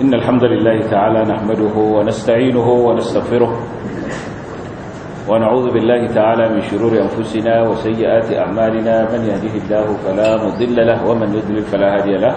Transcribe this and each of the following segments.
إن الحمد لله تعالى نحمده ونستعينه ونستغفره ونعوذ بالله تعالى من شرور أنفسنا وسيئات أعمالنا من يهده الله فلا مضل له ومن يضلل فلا هادي له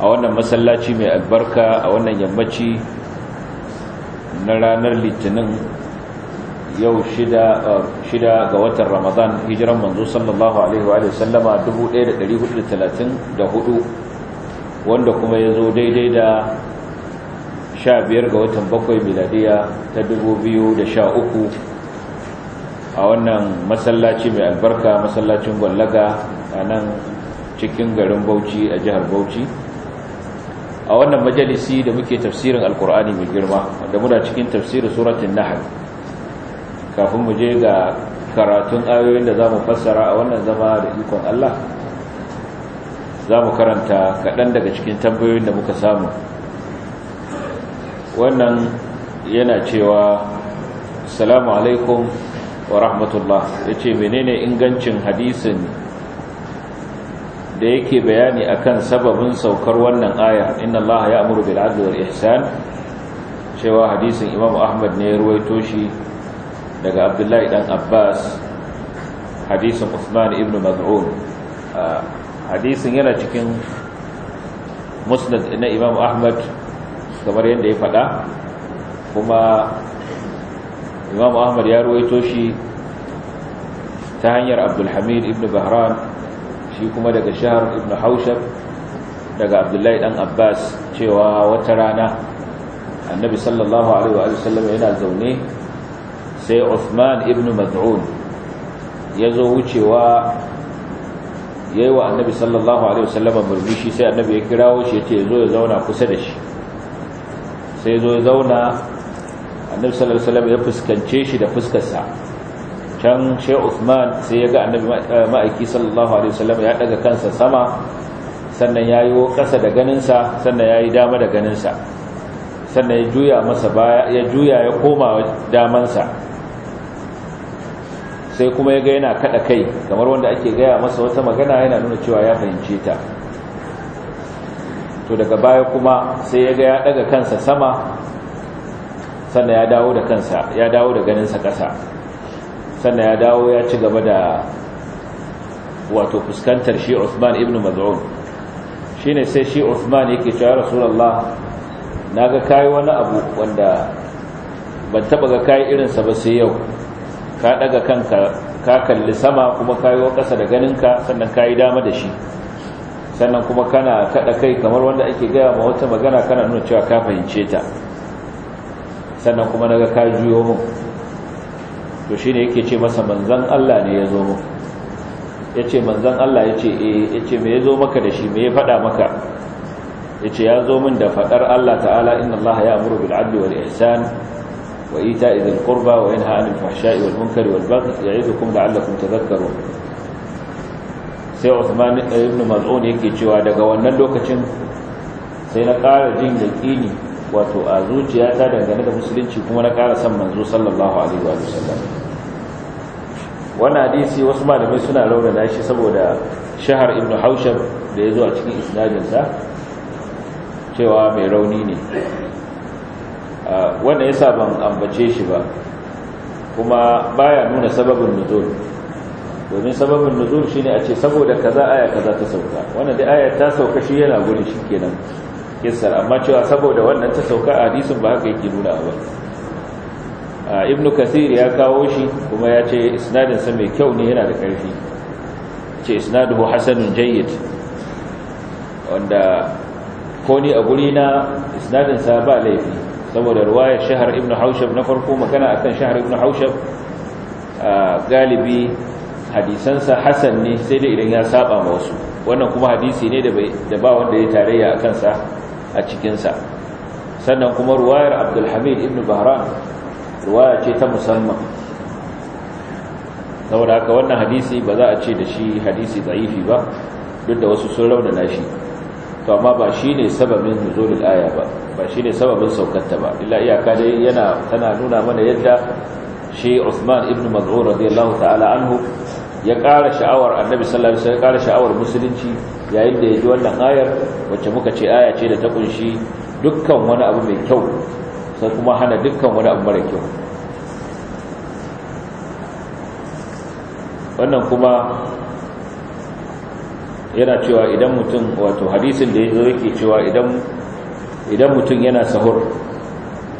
a wannan masallaci mai albarka a wannan yammaci na ranar litinin yau shida ga watan ramadan hijiran manzo sallallahu alaihi wa sallama 1434 wanda kuma ya zo daidai da 15 ga watan bakwai miladiya ta 2013 a wannan masallaci mai albarka masallacin gwallaga a nan cikin garin bauchi a jihar bauchi a wannan majalisi da muke tafsirin alkur'ani mai girma da muna cikin tafsirin suratun nahal kafin mu je ga karatun ayoyin da za mu fassara a wannan zama da ikon Allah za mu karanta kaɗan daga cikin tambayoyin da muka samu wannan yana cewa salamu alaikum wa rahmatullah ya ce menene ingancin hadisin da yake bayani akan sababin saukar wannan aya inna allaha ya'muru bil adli wal ihsan cewa hadisin imamu ahmad ne ya ruwaito shi daga abdullahi dan abbas hadisin usman ibn mad'un hadisin yana cikin musnad na imamu ahmad kamar yadda ya faɗa kuma imamu ahmad ya ruwaito shi ta hanyar abdulhamid ibn bahran shi kuma daga shahar ibn haushab daga abdullahi dan abbas cewa wata rana annabi sallallahu alaihi wa sallam yana zaune sai Usman ibn Mad'un ya zo wucewa yayi wa annabi sallallahu alaihi wasallam murmushi sai annabi ya kirawo shi yace zo ya zauna kusa da shi sai zo ya zauna annabi sallallahu alaihi sallam ya fuskance shi da fuskarsa can shai Uthman sai ya ga annabi eh, ma'aiki sallallahu alaihi wasallam ya daga kansa sama sannan ya yi kasa da ganinsa sannan ya yi dama da ganinsa sannan ya juya masa baya ya juya ya koma damansa sai kuma ya ga yana kada kai kamar wanda ake gaya masa wata magana yana nuna cewa ya fahimce ta to daga baya kuma sai ya ga ya daga kansa sama sannan ya dawo da kansa ya dawo da ganinsa kasa sannan ya dawo ya ci gaba da wato fuskantar shi Uthman ibn Maz'un shine sai shi Uthman yake cewa Rasulullah naga kai wani abu wanda ban taba ga kai irin sa ba sai yau ka daga kanka ka kalli sama kuma kayo kasa da ganinka sannan kayi dama da shi sannan kuma kana kada kai kamar wanda ake gaya ma wata magana kana nuna cewa ka fahimce ta sannan kuma naga ka juyo mun to shi ne yake ce masa manzan Allah ne ya zo mu ya ce manzan Allah ya ce e ya ce me ya zo maka da shi me ya faɗa maka ya ce ya zo min da faɗar Allah ta'ala inna Allah ya amuru bil adli wal ihsan wa ita'i dhil qurba wa yanha 'anil fahsha'i wal munkari wal baghi ya'idukum la'allakum tadhakkarun sai Uthman ibn Maz'un yake cewa daga wannan lokacin sai na ƙara jin yaƙini wato a zuciyata dangane da musulunci kuma na ƙara son manzo sallallahu alaihi wa sallam wannan hadisi wasu malamai suna raunana shi saboda shahar ibn haushab da ya zo a cikin isnadinsa cewa mai rauni ne wannan ya ban ambace shi ba kuma baya nuna sababin nuzul domin sababin nuzul shine a ce saboda kaza aya kaza ta sauka wannan dai aya ta sauka shi yana gurin kenan kisa amma cewa saboda wannan ta sauka a hadisin ba haka yake nuna ba ibn kasir ya kawo shi kuma ya ce isnadinsa mai kyau ne yana da ƙarfi ce isnaduhu hasanun jayyid wanda ko ni a guri na isnadinsa ba laifi saboda ruwayar shahar ibn haushab na farko magana akan shahar ibn haushab galibi hadisansa hasan ne sai da idan ya saba ma wasu wannan kuma hadisi ne da ba wanda ya tarayya a kansa a cikinsa sannan kuma ruwayar abdulhamid ibn bahran ruwaya ce ta musamman saboda haka wannan hadisi ba za a ce da shi hadisi zaifi ba duk da wasu sun na shi to amma ba shi ne sababin nuzulul aya ba ba shi ne sababin saukanta ba illa iyaka dai yana tana nuna mana yadda shi usman ibn mazhur radiyallahu ta'ala anhu ya kara sha'awar Annabi sallallahu alaihi wasallam ya ƙara sha'awar musulunci yayin da ya ji wannan ayar wacce muka ce aya ce da ta kunshi dukkan wani abu mai kyau sai kuma hana dukkan wani abu mara kyau wannan kuma yana cewa idan mutum wato hadisin da ya zo yake cewa idan mutum yana sahur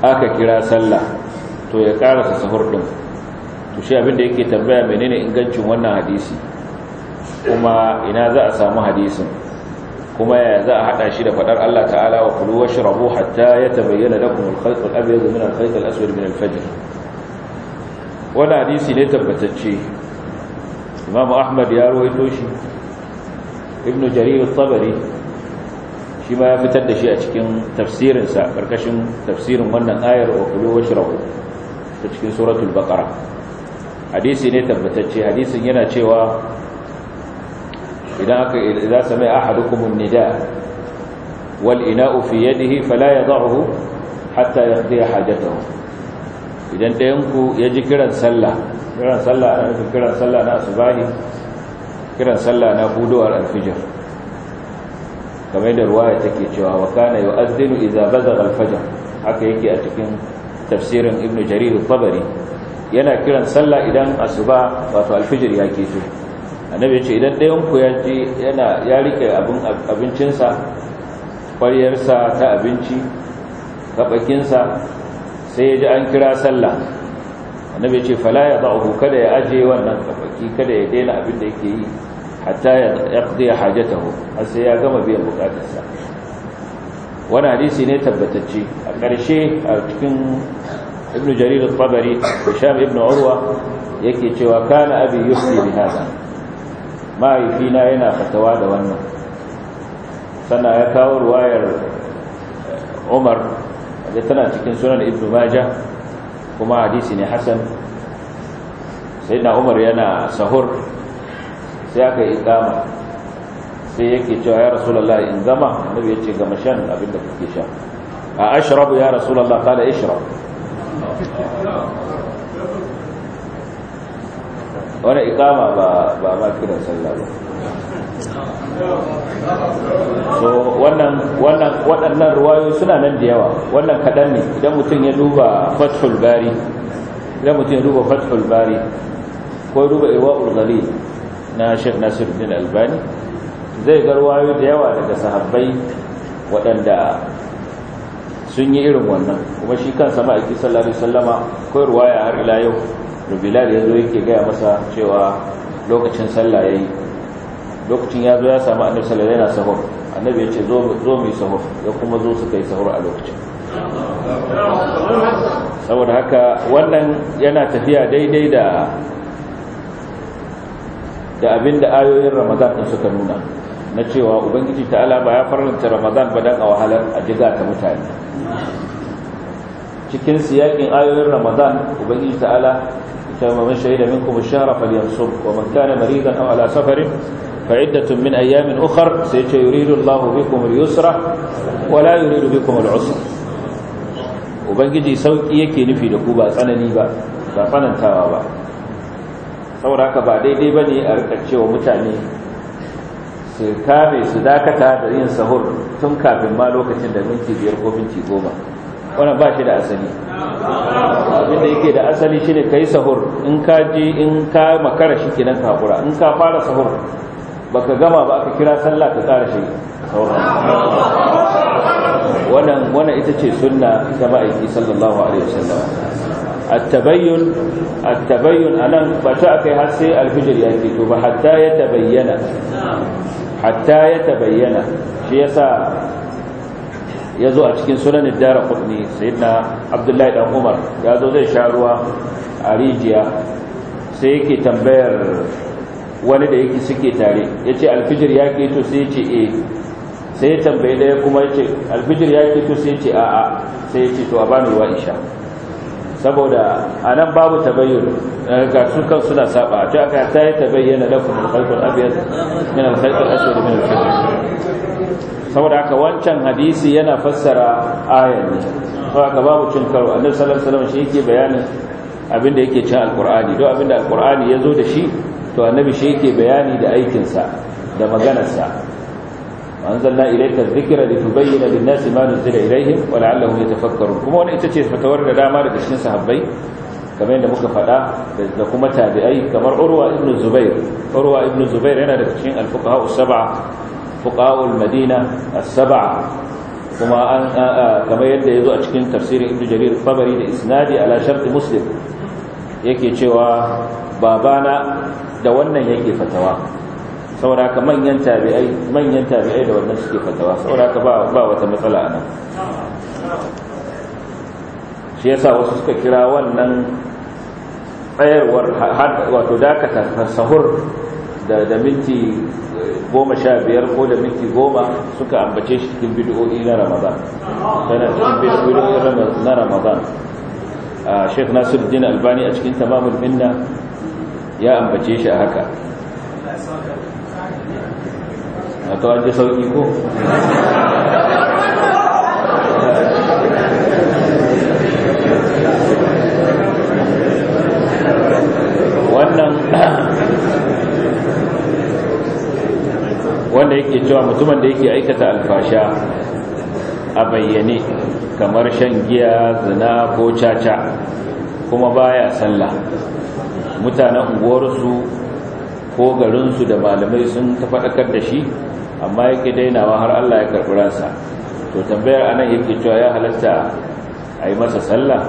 aka kira sallah to ya karasa sahur din to shi abinda yake tambaya menene ingancin wannan hadisi kuma ina za a samu hadisin kuma ya za a hada shi da fadar Allah ta'ala wa kulu washrabu hatta ya lakum al-khayt al-abyad min al aswad hadisi ne tabbatacce Imam Ahmad ya ruwaito shi Ibn Jarir al-Tabari shi ma ya fitar da shi a cikin tafsirinsa karkashin tafsirin wannan ayar wa kulu washrabu ta cikin suratul baqara hadisi ne tabbatacce hadisin yana cewa idan aka idza sami'a ahadukum an-nida wal ina'u fi yadihi fala yad'uhu hatta yaqdi hajatahu idan ɗayan ku ya ji kiran sallah kiran sallah na nufin kiran sallah na asubahi kiran sallah na budowar alfijir kamar da ruwaya take cewa wa kana yu'adhdhinu idza bazagha al-fajr haka yake a cikin tafsirin ibnu jarir al-tabari yana kiran sallah idan asuba wato alfijir ya keto annabi ce idan ɗayanku ya ji yana ya rike abincinsa ƙwaryarsa ta abinci gaɓakinsa sai ya ji an kira sallah annabi ce fala ya uku kada ya aje wannan gaɓaki kada ya daina abin da yake yi hatta ya ya haje taho har sai ya gama biyan bukatarsa wani hadisi ne tabbatacce a ƙarshe a cikin ibn jarir al-tabari da sham ibn urwa yake cewa kana abi yusli bi hada mahaifina yana fatawa da wannan sannan ya kawo ruwayar eh, umar da tana cikin sunan ibn majah kuma hadisi ne Hassan. sai na umar yana sahur sai aka yi ikama sai yake cewa ya rasulallah in zama annabi ya ce gama shan abinda kake sha a ashrabu ya rasulallah kada ishrab wani ikama ba ba ba kiran sallah ba so wannan wannan waɗannan ruwayo suna nan da yawa wannan kaɗan ne idan mutum ya duba fathul bari idan mutum ya duba fathul bari ko duba irwa'ul ghalil na nasiru Nasiruddin Albani zai ga ruwayo da yawa daga sahabbai waɗanda sun yi irin wannan kuma shi kansa ma'aiki sallallahu alaihi wasallama ko ruwaya har ila yau to bilal ya zo yake gaya masa cewa lokacin sallah ya yi lokacin ya zo ya samu annabi sallallahu yana sahur annabi ya ce zo mu sahur ya kuma zo suka yi sahur a lokacin saboda haka wannan yana tafiya daidai da da abin da ayoyin ramadan din suka nuna na cewa ubangiji ta ba ya faranta ramadan ba dan a wahalar a jiga ta mutane cikin siyakin ayoyin ramadan ubangiji ta ala. كما من شهد منكم الشهر فلينصب ومن كان مريضا أو على سفر فعدة من أيام أخر سيجي يريد الله بكم اليسر ولا يريد بكم العسر وبنجي سوكي يكي نفي لكوبا تsanani ba ba tsanantawa ba saboda haka ba daidai bane a rikace wa mutane su kame su dakata da yin sahur tun kafin ma lokacin da minti biyar ko minti goma wannan ba shi da asali abinda yake da asali shi ne ka yi sahur in ka ji in ka makara shi kenan ka in ka fara sahur baka gama ba aka kira sallah ka tsara shi wannan wannan ita ce sunna ta ma'aiki sallallahu alaihi wasallam at-tabayyun at-tabayyun anan ba ta kai har sai al-fajr ya to ba hatta ya tabayyana hatta ya tabayyana ya zo a cikin sunanin dara kudni sai na abdullahi dan umar ya zo zai sha ruwa a rijiya sai yake tambayar wani da yake suke tare ya ce alfijir ya keto sai ce e sai ya da eh. daya kuma ya ce alfijir ya keto sai ce a'a sai ya ce to a bani ruwa isha saboda a nan babu tabayyun eh, ga su kan suna saba a aka ta yi tabayyana lakum al abiyar abyad min al aso da min al saboda haka wancan hadisi yana fassara ayan ne aka babu cin karo annabi sallallahu alaihi wasallam shi yake bayanin abinda yake cin alqur'ani don abinda alqur'ani ya zo da shi to annabi shi yake bayani da aikinsa da maganarsa anzalna ilayka dhikra litubayyana lin-nasi ma nuzila ilayhim wa la'allahum yatafakkarun kuma wannan ita ce fatawar da dama daga cikin sahabbai kamar yadda muka faɗa da kuma tabi'ai kamar urwa Ibnu zubair urwa Ibnu zubair yana da cikin al-fuqaha as-sab'a fuqaha as saba as-sab'a kuma an kamar yadda ya yazo a cikin tafsirin ibn jarir tabari da isnadi ala shart muslim yake cewa babana da wannan yake fatawa saboda ka manyan tabi'ai manyan tabi'ai da wannan suke fatawa saboda ka ba ba wata matsala anan shi yasa wasu suka kira wannan tsayarwar wato dakata sahur da da minti eh, goma sha biyar ko da minti goma suka ambace shi cikin bidiyoyi na ramadan tana cikin bidiyoyi na ramadan ah, sheikh nasiruddin albani a cikin tamamul minna ya ambace shi a haka a ada sauti ko wannan wanda yake cewa mutumin da yake aikata alfasha a bayyane kamar shan giya zina ko caca kuma baya sallah mutanen unguwarsu ko garinsu da malamai sun ta faɗakar da shi amma yake dainawa har Allah ya karɓi ransa to tambayar anan yake cewa ya halatta a yi masa sallah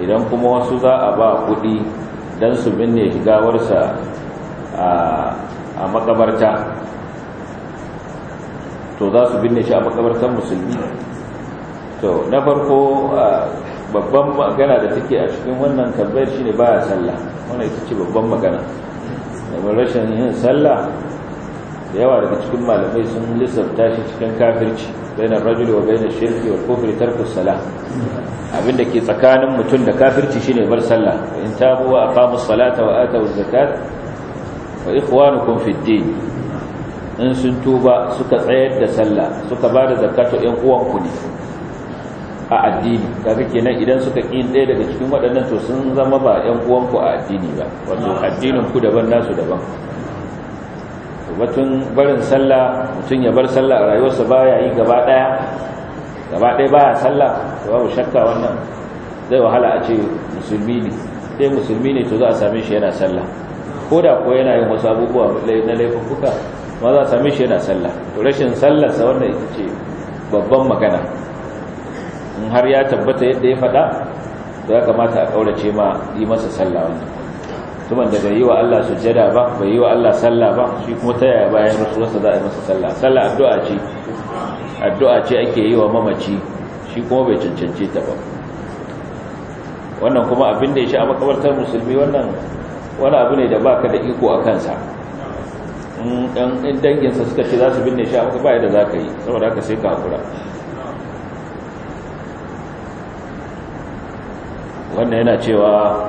idan kuma wasu za a ba kuɗi don su binne gawarsa a makabarta to za su binne shi a makabartar musulmi to na farko babban magana da take a cikin wannan tambayar shine baya sallah wannan ita ce babban magana da rashin yin sallah da yawa daga cikin malamai sun lissafta shi cikin kafirci bainar rajul wa bainar shirki wa kufri tarkus Abin abinda ke tsakanin mutum da kafirci shine bar sallah in tabu wa aqamu salata wa atu zakat wa ikhwanukum fid din in sun tuba suka tsayar da sallah suka ba da zakatu ɗan uwanku ne a addini kake nan idan suka kin ɗaya daga cikin waɗannan to sun zama ba ɗan uwanku a addini ba wato addinin ku daban nasu daban batun barin sallah mutum ya bar sallah a rayuwarsa baya yi gaba daya gaba daya baya sallah to babu shakka wannan zai wahala a ce musulmi ne sai musulmi ne to za a same shi yana sallah ko da ko yana yin wasu abubuwa na laifuka ma za a same shi yana sallah to rashin sa wannan ita ce babban magana in har ya tabbata yadda ya faɗa to ya kamata a ƙaurace ma yi masa sallah wannan tuban da bai yi wa Allah sujjada ba bai yi wa Allah sallah ba shi kuma ta yaya bayan rasuwarsa za a yi masa sallah sallah addu'a ce addu'a ce ake yi wa mamaci shi kuma bai cancance ta ba wannan kuma abin da ya sha a makabartar musulmi wannan wani abu ne da baka da iko a kansa in danginsa suka ce za su binne shi a maka yadda da za ka yi saboda haka sai ka hakura wannan yana cewa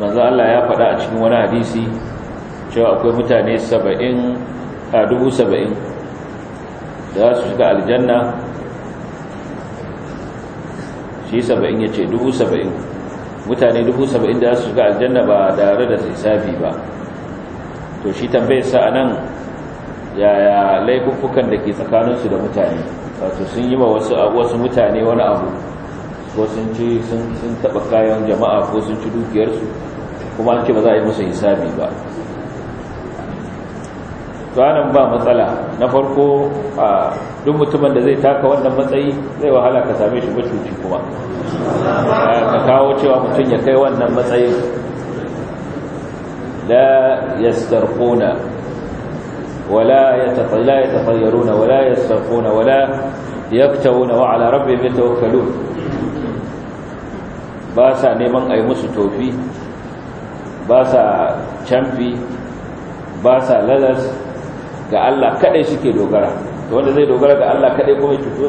manzo Allah ya faɗa a cikin wani hadisi cewa akwai mutane 70 a 70 da su shiga aljanna shi 70 yace 70 mutane 70 da su shiga aljanna ba tare da hisabi ba to shi tambayar sa anan yaya laifuffukan da ke tsakaninsu da mutane wato sun yi wa wasu mutane wani abu ko sun ci sun taba kayan jama'a ko sun ci dukiyarsu kuma an ce ba za a yi musu hisabi ba tsanan ba matsala na farko a duk mutumin da zai taka wannan matsayi zai wahala ka same shi bacuci kuma ka kawo cewa mutum ya kai wannan matsayin la yastarquna wala yatatayyaruna wala yastarquna wala yaktawuna wa ala rabbihim ba sa neman a yi musu tofi ba sa camfi ba sa lalas ga Allah kaɗai suke dogara to wanda zai dogara ga Allah kaɗai kuma cuto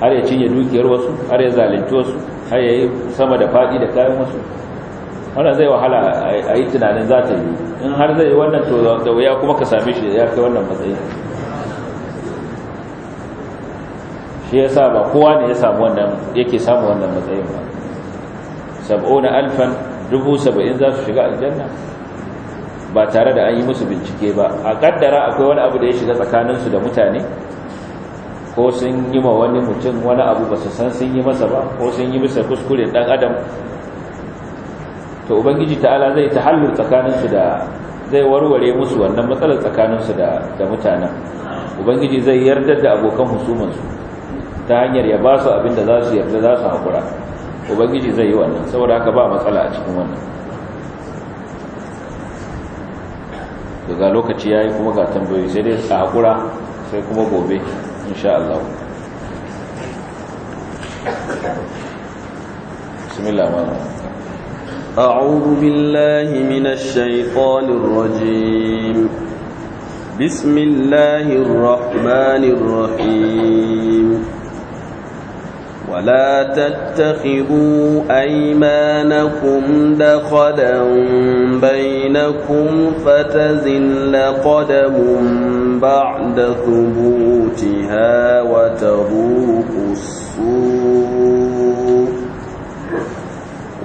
har ya cinye dukiyar wasu har ya zalunci wasu har ya yi sama da faɗi da kayan wasu wannan zai wahala a yi tunanin za ta yi in har zai yi wannan to da wuya kuma ka same shi ya kai wannan matsayi shi ya sa ba kowa ne ya samu wannan yake samu wannan matsayin ba sab'una alfan dubu saba'in za su shiga aljanna ba tare da an yi musu bincike ba a kaddara akwai wani abu da ya shiga tsakaninsu da mutane ko sun yi ma wani mutum wani abu ba su san sun yi masa ba ko sun yi bisa kuskure dan adam to ubangiji ta'ala zai ta tsakanin tsakaninsu da zai warware musu wannan matsalar tsakaninsu da da mutanen ubangiji zai yarda da abokan husumansu ta hanyar ya ba su abin da za su yarda za su haƙura ubangiji zai yi wannan saboda haka ba matsala a cikin wannan daga lokaci ya yi kuma ga tambayoyi sai dai a haƙura sai kuma gobe insha Allah bismillah أعوذ بالله من الشيطان الرجيم بسم الله ولا تتخذوا أيمانكم دخلا بينكم فتزل قدم بعد ثبوتها وتذوق السوء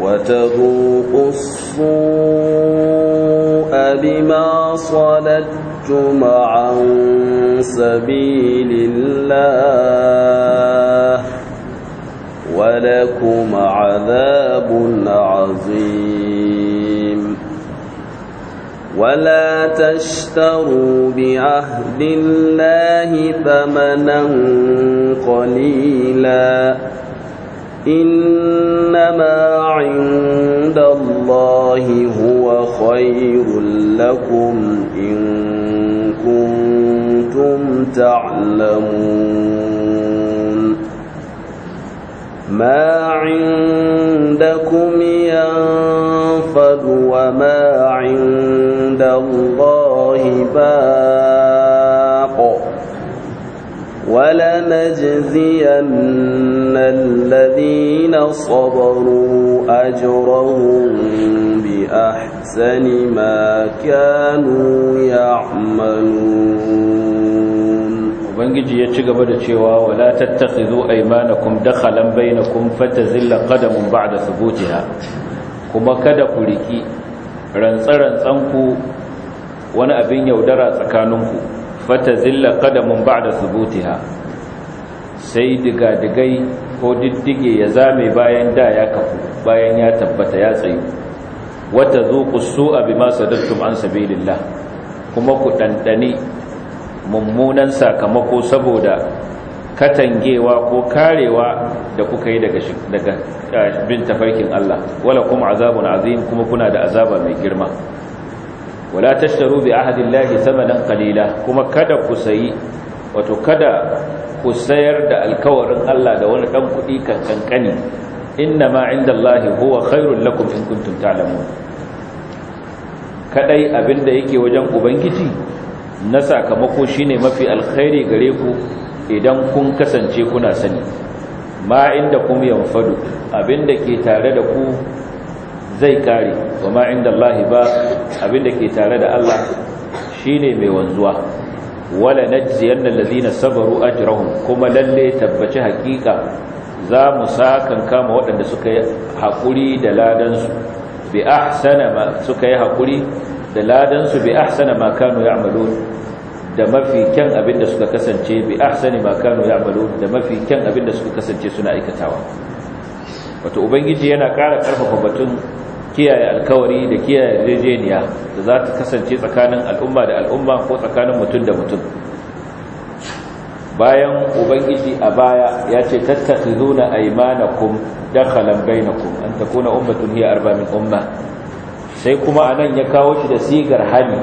وتذوق السوء بما صلتم عن سبيل الله ولكم عذاب عظيم ولا تشتروا بعهد الله ثمنا قليلا إنما عند الله هو خير لكم إن كنتم تعلمون ما عندكم ينفد وما عند الله باق ولنجزين الذين صبروا أجرهم بأحسن ما كانوا يعملون ubangiji ya ci gaba da cewa wala tattakhidhu aymanakum dakhalan bainakum fatazilla qadamun ba'da thubutiha kuma kada ku riki rantsarantsan ku wani abin yaudara tsakaninku fatazilla qadamun ba'da thubutiha sai digadigai ko diddige ya zame bayan da ya kafu bayan ya tabbata ya tsayu wata zuqus su'a bima sadattum an sabilillah kuma ku dandane. mummunan sakamako saboda katangewa ko karewa da kuka yi daga eh, bin tafarkin Allah wala kuma azabun azim kuma kuna da azaba mai girma wala tashtaru bi ahadillahi samanan qalila kuma kada ku sayi wato kada ku sayar da alkawarin Allah da wani dan kudi kankani inna ma indallahi huwa khairul lakum in kuntum ta'lamun kadai abinda yake wajen ubangiji na sakamako shi ne mafi alkhairi gare ku idan kun kasance kuna sani ma inda kum yanfadu abinda ke tare da ku zai kare wa ma inda Allah ba abinda ke tare da Allah shi ne mai wanzuwa wala na da ladina sabaru ajrahum kuma lalle tabbaci hakika za mu sakan kama waɗanda suka yi haƙuri da ladansu bi ahsana ma suka yi haƙuri da ladansu bi ahsana ma kanu ya'malun da mafi kyan abinda suka kasance bi ahsani ma kanu da mafi kyan abinda suka kasance suna aikatawa wato ubangiji yana ƙara ƙarfafa batun kiyaye alkawari da kiyaye yarjejeniya da za ta kasance tsakanin al'umma da al'umma ko tsakanin mutum da mutum bayan ubangiji a baya ya ce tattakhizuna aymanakum dakhalan bainakum an takuna ummatun hiya arba min ummah sai kuma anan ya kawo shi da sigar hali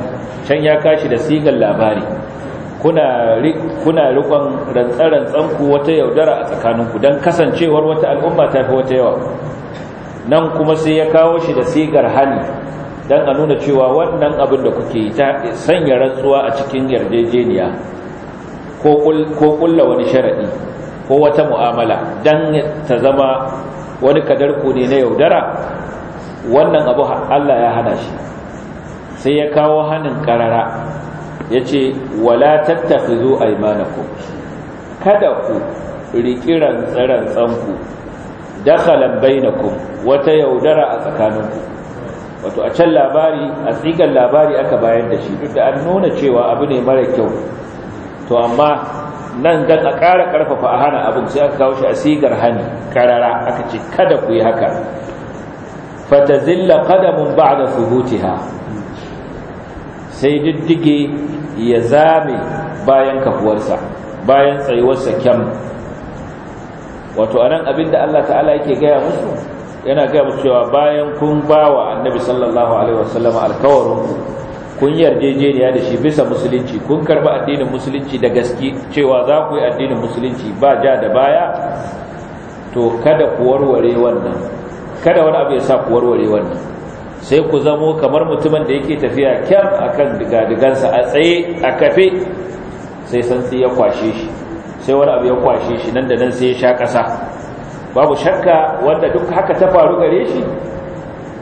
can ya kashi da sigar labari kuna kuna rikon rantsarantsan ku wata yaudara a tsakaninku don kasancewar wata al'umma ta fi wata yawa nan kuma sai ya kawo shi da sigar hali don a nuna cewa wannan abin da kuke yi ta sanya rantsuwa a cikin yarjejeniya ko kulla wani sharaɗi ko wata mu'amala don ta zama wani kadarku ne na yaudara wannan abu Allah ya hana shi sai ya kawo hanin karara ya ce wala tattakhidhu aymanakum kada ku riƙi tsanku dakhalan bainakum wata yaudara a tsakaninku wato a can labari a tsigan labari aka bayar da shi duk da an nuna cewa abu ne mara kyau to amma nan dan a ƙara ƙarfafa a hana abin sai aka kawo shi a sigar hani karara aka ce kada ku yi haka fatazilla qadamun ba'da thubutiha sai diddige ya zame bayan kafuwarsa bayan tsayuwarsa kyam wato anan abinda Allah ta'ala yake gaya musu yana gaya musu cewa bayan kun bawa annabi sallallahu alaihi wasallam alkawarin kun yarjejeniya da shi bisa musulunci kun karba addinin musulunci da gaske cewa za ku yi addinin musulunci ba ja da baya to kada ku warware wannan kada wani abu ya sa ku warware wannan sai ku zamo kamar mutumin da yake tafiya kyam akan digadigansa a tsaye a kafe sai santsi ya kwashe shi sai wani abu ya kwashe shi nan da nan sai ya sha ƙasa babu shakka wanda duk haka ta faru gare shi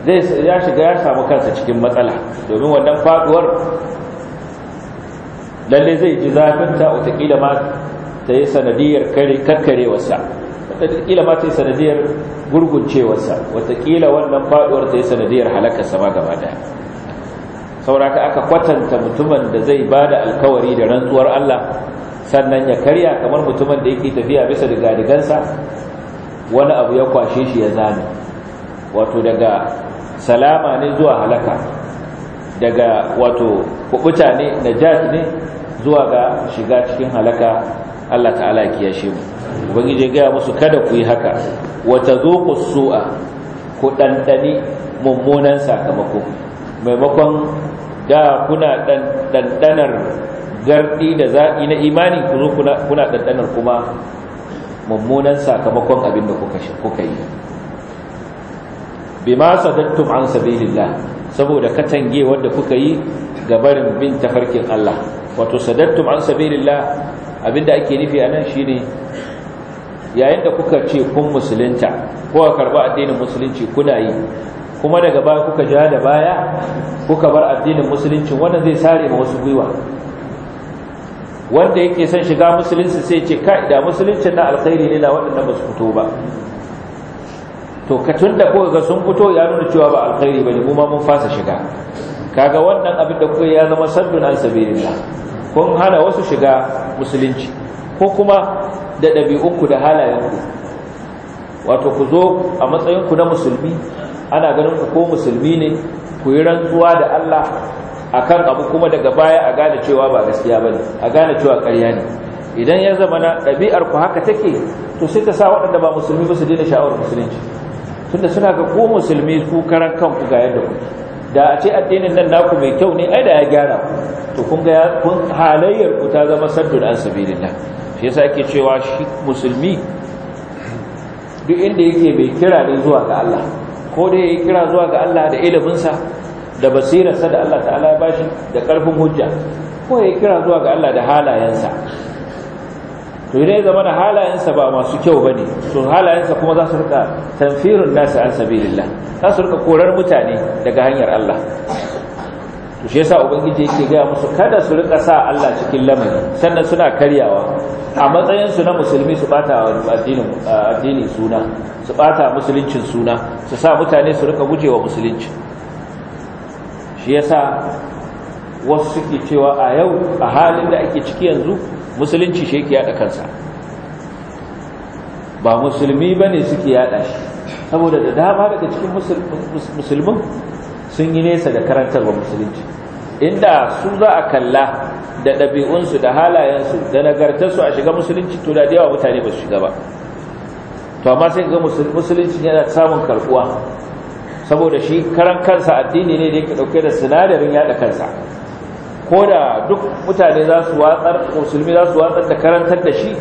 zai ya shiga ya samu kansa cikin matsala domin wannan faduwar lalle zai ji zafin ta watakila ma ta yi sanadiyar karkarewarsa wataƙila ma ta yi sanadiyar gurguncewarsa wataƙila wannan faɗuwar ta yi sanadiyar halakarsa ma gaba da sauraka aka kwatanta mutumin da zai ba da alkawari da rantsuwar Allah sannan ya karya kamar mutumin da yake tafiya bisa diga-digansa, wani abu ya kwashe shi ya zane wato daga salama ne zuwa halaka daga wato kubuta ne najat ne zuwa ga shiga cikin halaka Allah ta'ala ya kiyashe mu ubangije ga gaya musu kada ku yi haka wa tadhuqu su'a ku dandani mummunan sakamako maimakon da kuna dandanar gardi da za'i na imani ku zo kuna kuna dandanar kuma mummunan sakamakon abin da kuka kuka yi bima sadattum an sabilillah saboda katange wanda kuka yi ga barin bin tafarkin Allah wato sadattum an sabilillah abinda ake nufi anan shine yayin da kuka ce kun musulunta ko ka karba addinin musulunci kuna yi kuma daga baya kuka ja da baya kuka bar addinin musulunci wannan zai sare ma wasu gwiwa wanda yake son shiga musulunci sai ce kai da musulunci na alkhairi ne na waɗannan ba su fito ba to ka tunda kuka ga sun fito ya nuna cewa ba alkhairi bane mu ma mun fasa shiga kaga wannan abin da kuka ya zama sabbin an sabirin kun hana wasu shiga musulunci ko kuma da ɗabi'unku da halayen ku, wato ku zo a matsayinku na musulmi ana ganin ku ko musulmi ne ku yi rantsuwa da Allah akan abu kuma daga baya a gane cewa ba gaskiya bane a gane cewa ƙarya ne idan ya zama na ɗabi'ar ku haka take to sai ka sa waɗanda ba musulmi ba su daina sha'awar musulunci tunda suna ga ku musulmi ku karan kanku ga yadda ku da a ce addinin nan naku mai kyau ne ai da ya gyara to kun ga halayyar ku ta zama saddun an sabilillah shi yasa ake cewa shi musulmi duk inda yake mai kira ne zuwa ga Allah ko da yake kira zuwa ga Allah da iliminsa da basirarsa da Allah ta'ala ya bashi da karfin hujja ko ya kira zuwa ga Allah da halayensa to idan ya zama da halayensa ba masu kyau ba ne to halayensa kuma za su rika tamfirin nasa an sabilillah za su rika korar mutane daga hanyar Allah shi yasa ubangiji yake gaya musu kada su rika sa Allah cikin lamari sannan suna karyawa a matsayin su na musulmi su bata wa addinin uh, addini suna su bata musuluncin suna su sa mutane su rika gujewa musulunci shi yasa wasu suke cewa a yau a halin da ake ciki yanzu musulunci shi yake yada kansa ba musulmi bane suke yada shi saboda da dama daga cikin musulmin sun yi nesa da karantarwa musulunci inda su za a kalla da ɗabi'unsu da halayensu da nagartarsu a shiga musulunci to da yawa mutane ba su shiga ba to amma sai ga musulunci yana samun karbuwa saboda shi karan kansa addini ne da yake dauke da sinadarin yada kansa ko da duk mutane za su watsar musulmi za su watsar da karantar da shi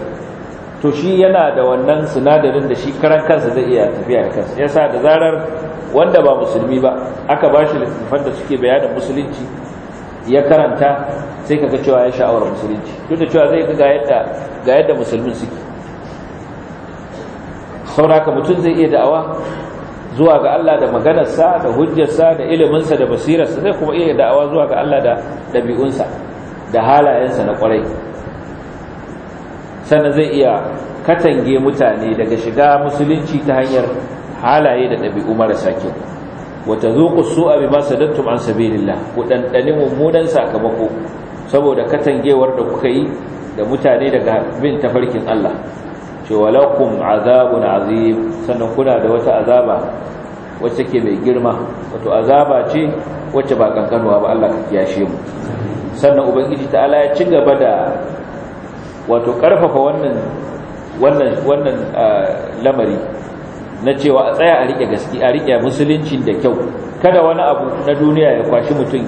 to shi yana da wannan sinadarin da shi karan kansa zai iya tafiya da kansa yasa da zarar wanda ba musulmi ba aka ba shi littattafan da suke bayanin musulunci ya karanta sai kaga cewa ya sha'awar musulunci duk da cewa zai ga yadda ga yadda musulmin suke sauraka mutum zai iya da'awa zuwa ga Allah da maganarsa da hujjarsa da iliminsa da basirarsa zai kuma iya da'awa zuwa ga Allah da dabi'unsa da halayensa na kwarai sannan zai iya katange mutane daga shiga musulunci ta hanyar halaye da ɗabi'u marasa kyau wata zuku su'a bima sadattum an sabilillah ku dandane mummunan sakamako saboda katangewar da kuka yi da mutane daga bin tafarkin Allah ce walakum azabun azim sannan kuna da wata azaba wacce ke mai girma wato azaba ce wacce ba kankanuwa ba Allah ya kiyashe mu sannan ubangiji ta'ala ya ci gaba da wato ƙarfafa wannan wannan wannan ah, lamari na cewa a tsaya a rike gaski a rike musulunci da kyau kada wani abu na duniya ya kwashi mutum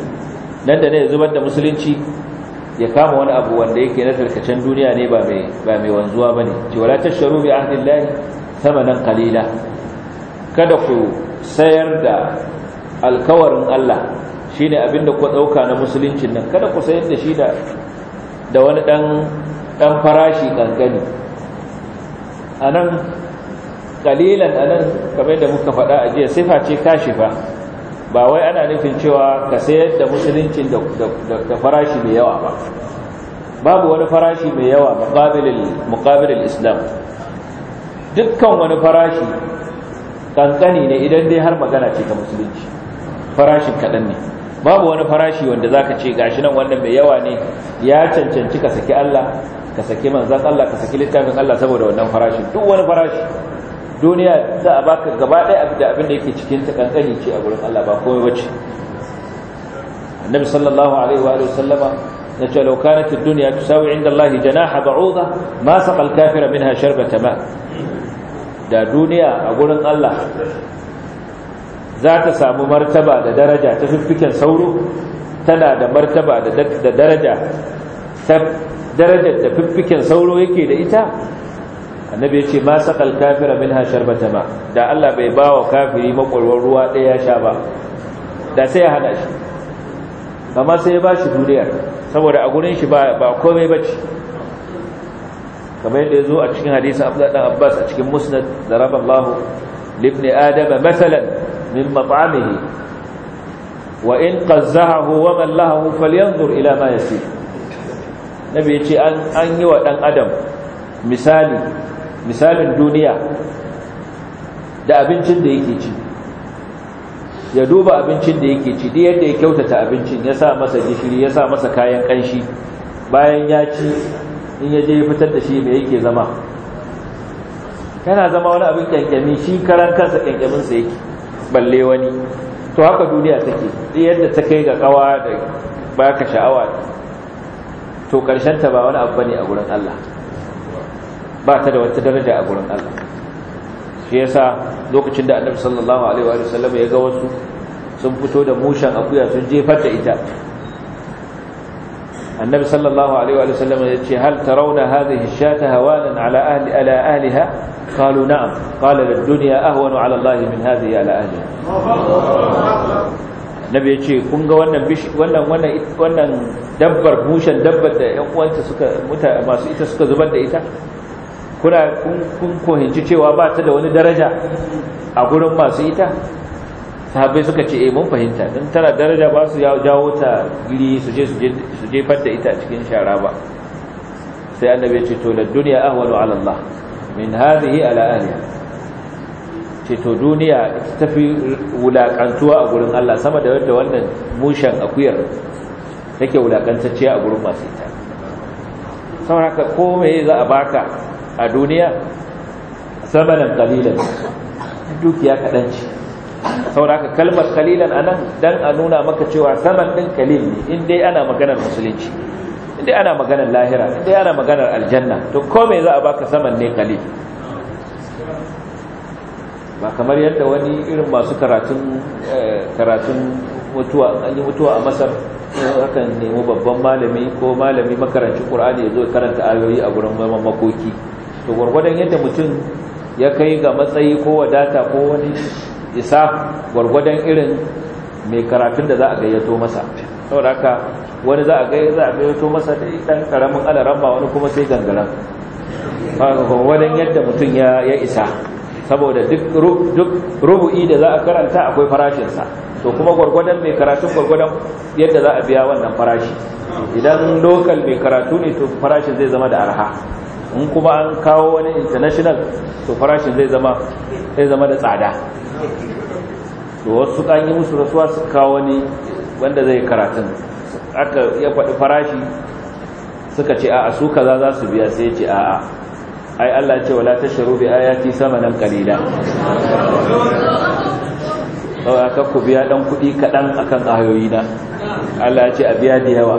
nan da ne ya zubar da musulunci ya kama wani abu wanda yake na tarkacen duniya ne ba mai ba mai wanzuwa bane ce wala tasharu bi ahdillahi samanan qalila kada ku sayar da alkawarin Allah shine da ku dauka na musuluncin nan kada ku sayar da shi da wani dan dan farashi kankani anan kalilan anan kamar yadda muka faɗa a jiya sifa ce kashifa ba wai ana nufin cewa ka sayar da musuluncin da farashi mai yawa ba babu wani farashi mai yawa muqabilil islam dukkan wani farashi kankani ne idan dai har magana ce ta musulunci farashin kaɗan ne babu wani farashi wanda zaka ce gashi nan wannan mai yawa ne ya cancanci ka saki Allah ka saki manzan Allah ka saki littafin Allah saboda wannan farashi duk wani farashi duniya za a baka gaba ɗaya abin da abin da yake cikin ta kankani ce a gurin Allah ba komai bace annabi sallallahu alaihi wa alihi sallama na ce law kanat ad-dunya tusawi inda Allah janaha ba'udha ma saqa al-kafira minha sharbata ma da duniya a gurin Allah za ta samu martaba da daraja ta fiffiken sauro tana da martaba da daraja ta darajar da fiffiken sauro yake da ita annabi ce ma saƙal kafira min hashar bata ma da Allah bai ba wa kafiri makwarwar ruwa ɗaya sha ba da sai ya hana shi amma sai ya ba shi duniya saboda a gurin shi ba komai ba ce kamar yadda ya zo a cikin hadisi abdullahi abbas a cikin musnad da raba allahu libni adama masalan min mat'amihi wa in qazzahu wa man falyanzur ila ma yasir nabi ya ce an yi wa dan adam misali misalin duniya da abincin da yake ci ya duba abincin da yake ci duk yadda ya kyautata abincin ya sa masa gishiri ya sa masa kayan ƙanshi bayan ya ci in ya je ya fitar da shi mai yake zama yana zama wani abin kyankyami shi karan kansa kyankyaminsa yake balle wani to haka duniya take yadda ta kai ga kawa da baka sha'awa to ta ba wani abu ne a wurin Allah ba ta da wata daraja a gurin Allah shi yasa lokacin da annabi sallallahu alaihi wa sallam ya ga wasu sun fito da mushan akuya sun jefar da ita annabi sallallahu alaihi wa sallam ya ce hal tarawna hadhihi shata hawalan ala ahli ala ahliha qalu na'am qala lad dunya ahwanu ala allah min hadhihi ala ahliha annabi ya ce kun ga wannan wannan wannan wannan dabbar mushan dabbar da ƴan uwanta suka muta masu ita suka zubar da ita kuna kun kohinci cewa ba ta da wani daraja a gurin masu ita Sahabai suka ce e mun fahimta don tana daraja ba su jawo ta giri su je su je da ita a cikin shara ba sai annabi ce to lad dunya ahwalu ala Allah min hadhihi ala ahliha ce to duniya ita fi wulakantuwa a gurin Allah sama da yadda wannan mushan akuyar take wulakantacciya a gurin masu ita saboda ko me za a baka a duniya samanin kalilan dukiya kaɗan ce sauraka kalmar kalilan a nan don a nuna maka cewa saman ɗin kalil ne inda ana maganar musulunci inda ana maganar lahira inda ana maganar aljanna to kome za a baka saman ne kalil ba kamar yadda wani irin masu karatun eh, mutuwa an yi mutuwa a masar hakan nemi babban malami ko malami makarancin ƙur'ani ya zo karanta ayoyi a gurin makoki to gwargwadon yadda mutum ya kai ga matsayi ko wadata ko wani isa gwargwadon irin mai karatun da za a gayyato masa saboda haka wani za a gayyato masa da ɗan ƙaramin alaramba wani kuma sai gangaren gwargwadon yadda mutum ya isa saboda duk rubu'i da za a karanta akwai farashinsa to kuma gwargwadon mai karatun gwargwadon yadda za a biya wannan farashi idan lokal mai karatu ne to farashin zai zama da arha in kuma an kawo wani international to farashin zai zama zai zama da tsada to wasu kan yi musu rasuwa su kawo wani wanda zai karatun aka ya faɗi farashi suka ce a su kaza za su biya sai ce a'a ai Allah ce wala tasharu bi ayati samanan qalila saboda ka ku biya dan kuɗi kaɗan akan ayoyi na Allah ce a biya da yawa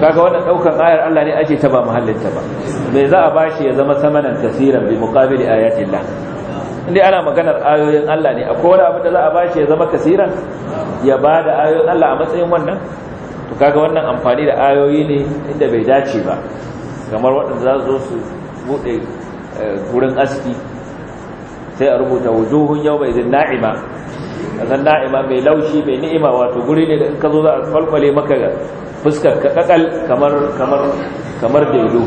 kaga wannan daukan ayar Allah ne ake ta ba muhallinta ba bai za a bashi ya zama samanan kasiran bi muqabili ayatillah indai ana maganar ayoyin Allah ne akwai wani abin da za a bashi ya zama kasiran ya bada ayoyin Allah a matsayin wannan to kaga wannan amfani da ayoyi ne inda bai dace ba kamar waɗanda za su zo su bude eh, gurin aski sai a rubuta wujuhun yau mai na'ima a zan na'ima mai laushi mai ni'ima wato guri ne da in ka zo za a kwalkwale maka fuskar ka kakal kamar kamar kamar daido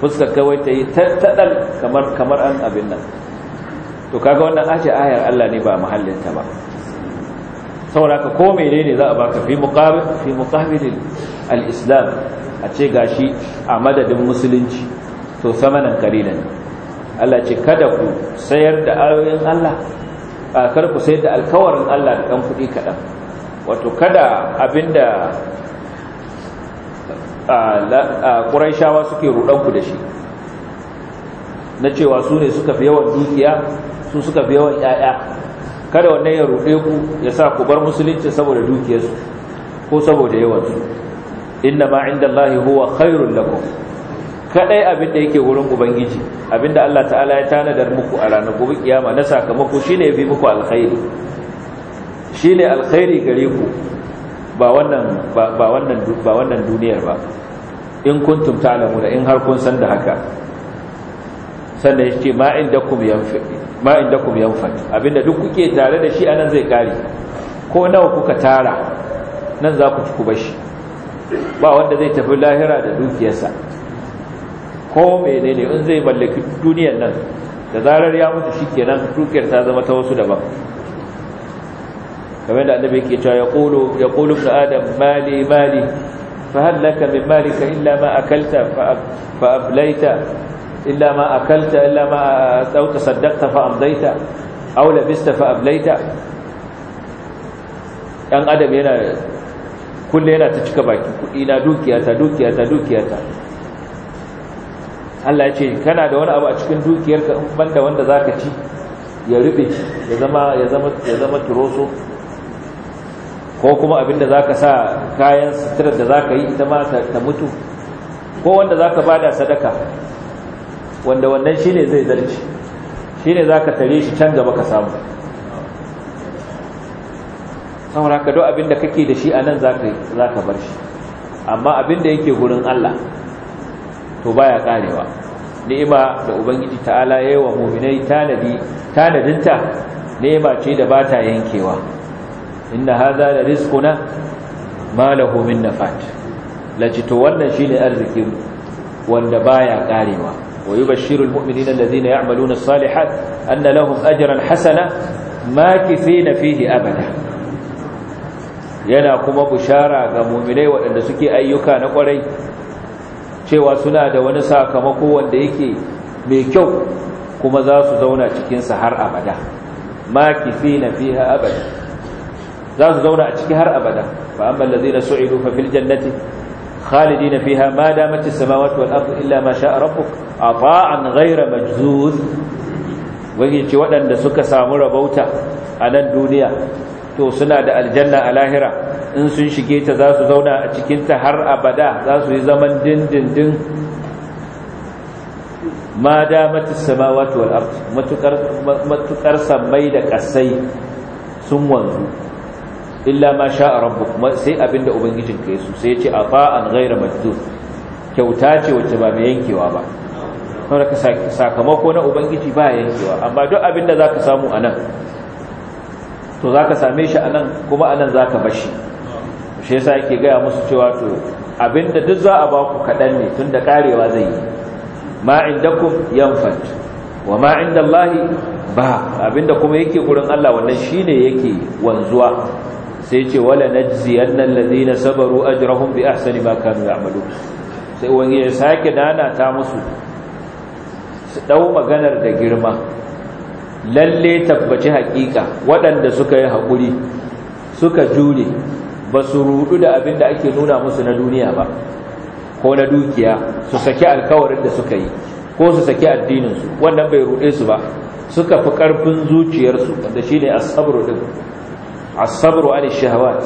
fuskar kawai ta yi taɗal kamar kamar an abin nan to kaga wannan ace ayar Allah ne ba mahallin ta ba saboda ka ko ne za a baka fi fi al-islam a ce gashi a madadin musulunci to samanan kalilan Allah ce kada ku sayar da ayoyin Allah kar ku sayar da alkawarin Allah da ɗan kuɗi kaɗan wato kada abinda a ƙuraishawa suke rudanku da shi na cewa su ne suka fi yawan dukiya su suka fi yawan 'ya'ya kada wannan ya ruɗe ku ya sa ku bar musulunci saboda dukiyarsu ko saboda yawansu inna ma inda Allahi huwa khairun lakum kadai abin da yake wurin ubangiji abin da Allah ta'ala ya tanadar muku a ranar gobe kiyama na sakamako shine fi muku alkhairi Shi ne alkhairi gare ku ba wannan duniyar ba In duniyar ba in kuntum da in har kun san da haka sannan shi ma indakum yanfi ma abinda duk kuke tare da shi anan zai kare ko nawa kuka tara nan za ku ci ku bashi ba wanda zai tafi lahira da dukiyarsa ko menene in zai mallaki duniyar nan da zarar ya mutu shi nan dukiyar ta zama ta wasu daban kamar da annabi yake cewa ya yaqulu ibn adam mali mali fahal laka min malika illa ma akalta fa ablaita illa ma akalta illa ma uh, aw tasaddaqta fa amdaita aw labista fa ablaita dan adam yana kulle yana ta cika baki kudi na dukiyata dukiyata dukiyata Allah ya ce kana da wani abu a cikin dukiyarka in banda wanda zaka ci ya rube ya zama ya zama ya zama turoso ko kuma abinda ka sa kayan suturar da za ka yi ita mata ta mutu ko wanda za ba bada sadaka wanda wannan shi ne zai zarci za ka tare shi can gaba ka samu saboda haka duk abinda kake da shi anan za ka bar shi amma abinda yake gurin Allah to baya karewa ni'ima da ubangiji ta'ala ya yi wa mu'minai tanadi tanadinta ni'ima ce da bata yankewa inna haza da rizquna ma lahu min nafat laji to wannan shine arzikin wanda baya karewa wa yubashshirul mu'minina alladhina ya'maluna as-salihat anna lahum ajran hasana makithina fihi abada yana kuma bushara ga mu'minai waɗanda suke ayyuka na kwarai cewa suna da wani sakamako wanda yake mai kyau kuma za su zauna cikinsa har abada makithina fiha abada za su zauna a ciki har abada fa amma allazina su'idu fa fil jannati khalidina fiha ma damat as-samawati wal ardu illa ma sha'a rabbuk ata'an ghayra majzuz wani ce waɗanda suka samu rabauta a nan duniya to suna da aljanna a lahira in sun shige ta za su zauna a cikin ta har abada za su yi zaman dindindin ma damatis samawati wal ard matukar matukar sammai da kasai sun wanzu illa ma sha'a rabbuk sai abinda ubangijinka yaso sai ya ce an ghayra majdud kyauta ce wacce ba mai yankewa ba saboda sakamako na ubangiji ba yankewa amma duk abinda zaka samu anan to zaka same shi anan kuma anan zaka bashi shi yasa yake gaya musu cewa to abinda duk za a baku kadan ne tunda karewa zai yi ma indakum yanfat wa ma indallahi ba abinda kuma yake gurin Allah wannan shine yake wanzuwa sai ce wala annal ladina sabaru ajrahum bi ahsani ma kanu ya'malu sai wani ya sake dana ta musu su dau maganar da girma lalle tabbaci hakika wadanda suka yi hakuri suka jure ba su rudu da abinda ake nuna musu na duniya ba ko na dukiya su saki alkawarin da suka yi ko su saki addininsu wannan bai rude su ba suka fi karfin zuciyarsu da shi ne asabru ɗin asabru 'ala shahawat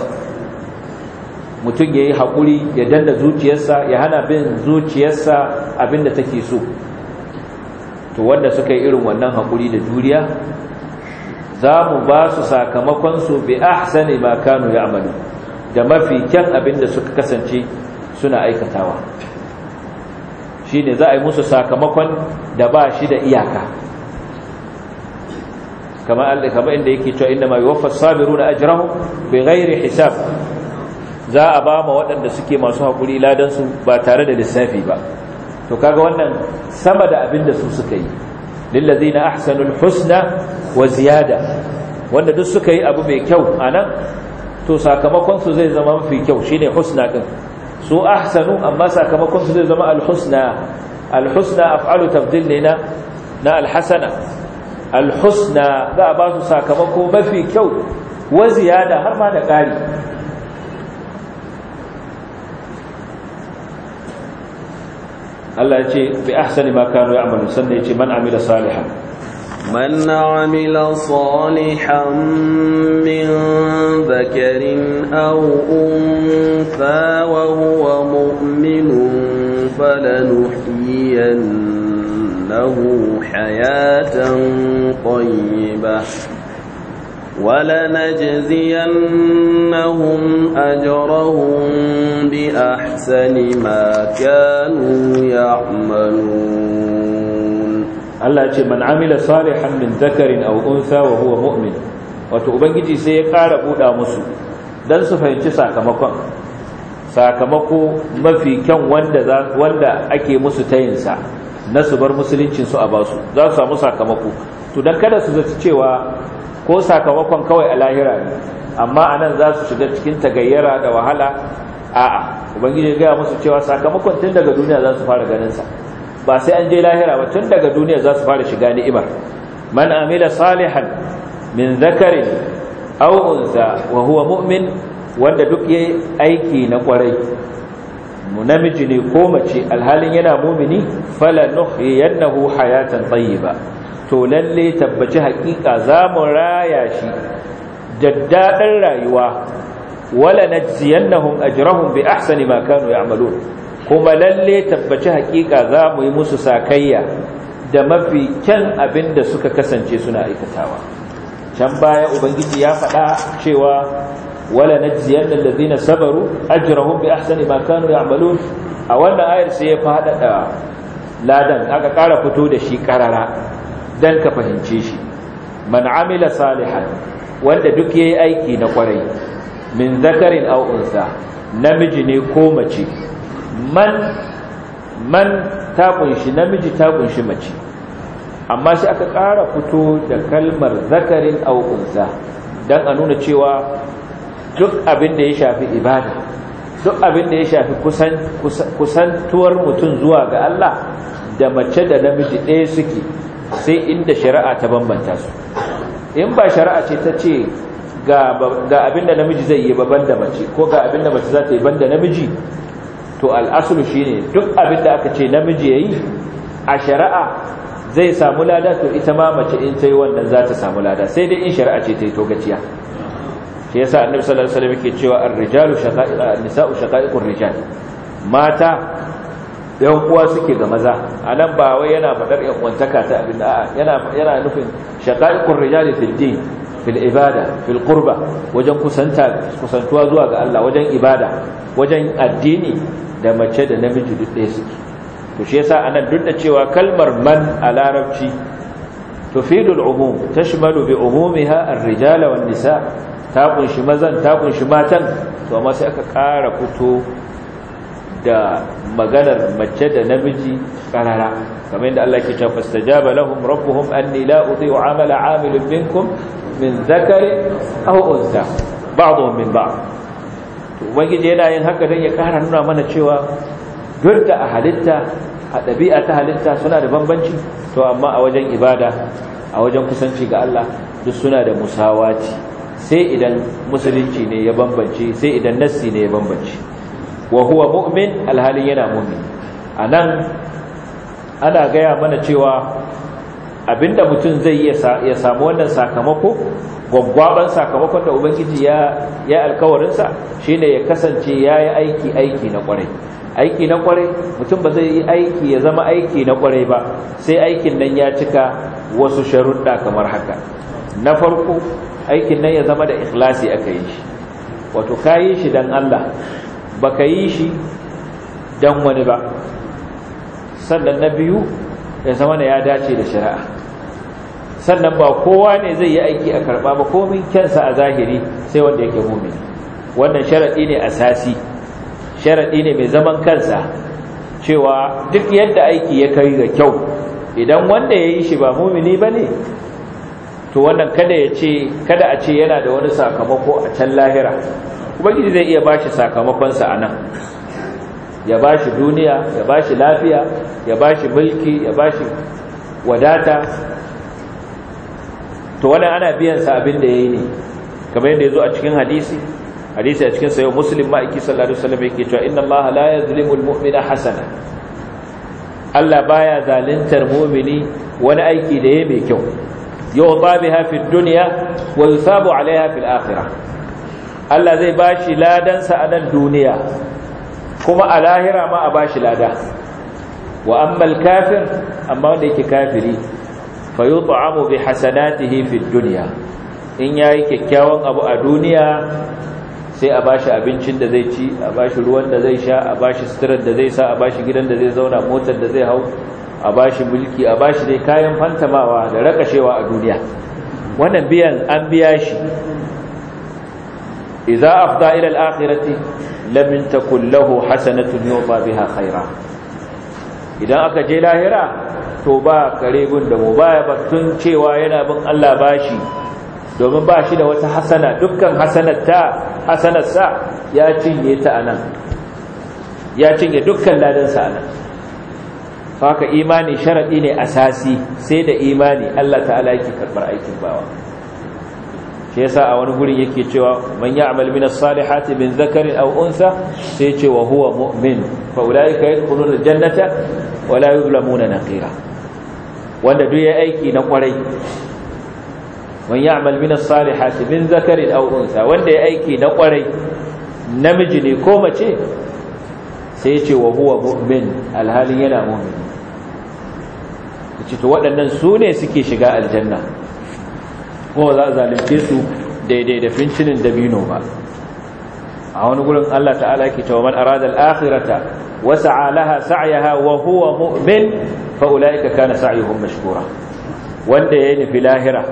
mutum yayi hakuri ya danda zuciyarsa ya hana bin zuciyarsa abinda take so to wanda suka yi irin wannan hakuri da juriya za mu ba su sakamakon su bi ahsani ma kanu ya'malu da mafi kyan abinda suka kasance suna aikatawa shine za a yi musu sakamakon da ba shi da iyaka kama Allah kama inda yake cewa inda ma yuwaffas sabiruna ajrahum bighairi hisab za a ba ma waɗanda suke masu hakuri ladan su ba tare da lissafi ba to kaga wannan sama da abin da su suka yi lillazina ahsanul husna wa ziyada wanda duk suka yi abu mai kyau anan to sakamakon su zai zama mafi kyau shine husna din su ahsanu amma sakamakon su zai zama alhusna alhusna af'alu tafdil ne na na alhasana alhusna za a ba su sakamako mafi kyau wa ziyada har ma da ƙari Allah ya ce bi ahsani ma kanu ya'malu sannan ya ce man amila salihan من عمل min zakarin ذكر أو wa وهو مؤمن فلنحيينه له حياة طيبة ولنجزينهم أجرهم بأحسن ما كانوا يعملون الله يقول من عمل صالحا من ذكر أو أنثى وهو مؤمن وتؤبنجي سيقار بودا مسو dan su fahimci sakamakon sakamako mafi kyan wanda ake musu tayinsa na su bar musuluncin su a basu za su samu sakamako to dan kada su zaci cewa ko sakamakon kawai a lahira ne amma anan za su shiga cikin tagayyara da wahala a'a ubangiji ya gaya musu cewa sakamakon tun daga duniya za su fara ganin ba sai an je lahira ba tun daga duniya za su fara shiga ni'imar man amila salihan min zakarin aw unsa wa huwa mu'min wanda duk yayi aiki na kwarai namiji ne ko mace alhalin yana mumini fala nuhyiyannahu hayatan tayyiba to lalle tabbaci hakika zamu raya shi daddadan rayuwa wala najziyannahum ajrahum bi ahsani ma kanu ya'malun kuma lalle tabbaci hakika zamu yi musu sakayya da mafi kyan abinda suka kasance suna aikatawa can baya ubangiji ya faɗa cewa wala najziyanna allazina sabaru ajrahum bi ahsani ma kanu ya'malun a wannan ayar sai ya faɗaɗa. ladan aka ƙara fito da shi karara dan ka fahimce shi man amila salihan wanda duk yayi aiki na kwarai min zakarin aw unsa namiji ne ko mace man man ta kunshi namiji ta kunshi mace amma sai aka ƙara fito da kalmar zakarin aw unsa dan a nuna cewa duk abin da ya shafi ibada duk abin da ya shafi kusantuwar mutum zuwa ga Allah da mace da namiji ɗaya suke sai inda shari'a ta bambanta su in ba shari'a ce ta ce ga abin da namiji zai yi baban da mace ko ga abin da mace za ta yi ban da namiji to al'asulu shi ne duk abin da aka ce namiji ya yi a shari'a zai samu lada to ita ma mace in ta yi wannan za ta samu lada sai dai in shari'a ce ta yi to togaciya shi yasa annabi sallallahu alaihi wasallam yake cewa ar-rijalu shaqa'iq an-nisa'u shaqa'iqur rijal mata yan uwa suke ga maza anan ba wai yana fadar yan uwantaka ta abin a'a yana yana nufin shaqa'iqur rijali fil din fil ibada fil qurba wajen kusanta kusantuwa zuwa ga Allah wajen ibada wajen addini da mace da namiji duk ɗaya suke to shi yasa anan duk da cewa kalmar man a larabci tufidul umum tashmalu bi umumiha ar-rijala wan-nisa' ta kunshi mazan ta kunshi matan to amma sai aka ƙara fito da maganar mace da namiji karara kamar yadda Allah ke cewa fastajaba lahum rabbuhum anni la udhi'u 'amala 'amilin minkum min dhakari aw unsa ba'dhum min ba'd to ubangiji yana yin haka dan ya ƙara nuna mana cewa duk da a halitta a ɗabi'a ta halitta suna da bambanci to amma a wajen ibada a wajen kusanci ga Allah duk suna da musawati sai idan musulunci ne ya bambance sai idan nassi ne ya bambance wa huwa mu'min alhalin yana mu'min anan ana gaya mana cewa abinda mutum zai ya samu wannan sakamako gwaggwaban sakamakon da ubangiji ya ya alkawarinsa shine ya kasance ya yi aiki aiki na kwarai aiki na kwarai mutum ba zai yi aiki ya zama aiki na kwarai ba sai aikin nan ya cika wasu sharuɗa kamar haka na farko aikin nan ya zama da ikhlasi aka yi shi wato ka yi shi don Allah ba ka yi shi don wani ba sannan na biyu ya zama da ya dace da shari'a sannan ba kowa ne zai yi aiki a karɓa ba komin kyansa a zahiri sai wanda yake mumini wannan sharaɗi ne asasi sharaɗi ne mai zaman kansa cewa duk yadda aiki ya kai ga kyau idan wanda ya yi shi ba mumini ba ne to wannan kada ya ce kada a ce yana da wani sakamako a can lahira ubangiji zai iya bashi sakamakonsa a nan ya bashi duniya ya bashi lafiya ya bashi mulki ya bashi wadata to wannan ana biyan sa abin da yayi ne kamar yadda yazo a cikin hadisi hadisi a cikin sahih muslim ma iki sallallahu alaihi wasallam yake cewa inna allaha la yazlimu almu'mina hasana Allah baya zaluntar mu'mini wani aiki da ya mai kyau yu'ta biha fid dunya wa yusabu 'alayha fil akhirah Allah zai bashi ladansa a nan duniya kuma a lahira ma a bashi lada wa ammal kafir amma wanda yake kafiri fa yut'amu bi hasanatihi fid dunya in yayi kyakkyawan abu a duniya sai a bashi abincin da zai ci a bashi ruwan da zai sha a bashi suturar da zai sa a bashi gidan da zai zauna motar da zai hau a bashi mulki a bashi dai kayan fantamawa da rakashewa a duniya wannan biyan an biya shi idza afda ila al-akhirati lam takun lahu hasanatun yuta biha khaira idan aka je lahira to ba kare gun da mu baya ba tun cewa yana bin Allah bashi domin ba shi da wata hasana dukkan hasanarta hasanarsa ya cinye ta anan ya cinye dukkan ladansa anan haka imani sharadi ne asasi sai da imani Allah ta'ala yake karbar aikin bawa shi yasa a wani gurin yake cewa man ya'mal min as-salihati min zakarin aw unsa sai ce wa huwa mu'min fa ulaika yadkhuluna al-jannata wa la yuzlamuna naqira wanda duk ya aiki na kwarai man ya'mal min as-salihati min zakarin aw unsa wanda ya aiki na kwarai namiji ne ko mace sai ce wa huwa mu'min alhalin yana mu'min ce to waɗannan su ne suke shiga aljanna ko za a zalunce su daidai da fincinin dabino ba a wani gurin Allah ta'ala ke cewa man arada al-akhirata wasu sa'a laha sa'yaha wa huwa mu'min fa ulaika kana sa'yuhum mashkura wanda ya nufi lahira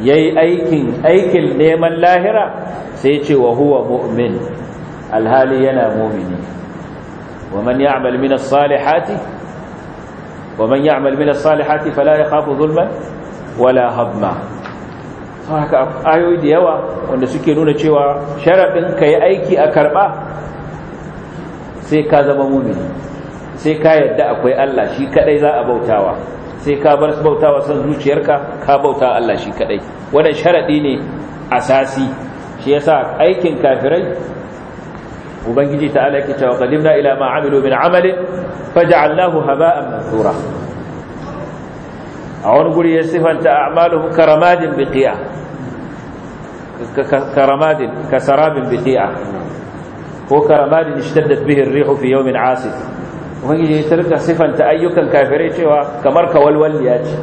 yayi aikin aikin neman lahira sai ce wa huwa mu'min alhali yana mu'mini wa man ya'mal mina salihati ومن يعمل من الصالحات فلا يخاف ظلما wala habma haka ayoyi da yawa wanda suke nuna cewa sharaɗin ka yi aiki a karɓa sai ka zama mumini sai ka yadda akwai Allah shi kaɗai za a bautawa sai ka bar bautawa san zuciyarka ka bauta Allah shi kaɗai. wannan sharaɗi ne asasi shi yasa aikin kafirai ubangiji ta'ala yake cewa qadimna ila ma amilu min amalin faj'alnahu haba'an mansura a wani guri ya sifanta a'maluhum karamadin biqiya karamadin kasarabin biqiya ko karamadin ishtaddat bihi ar-rihu fi yawmin 'asif ubangiji ya tarka sifanta ayyukan kafirai cewa kamar ya ce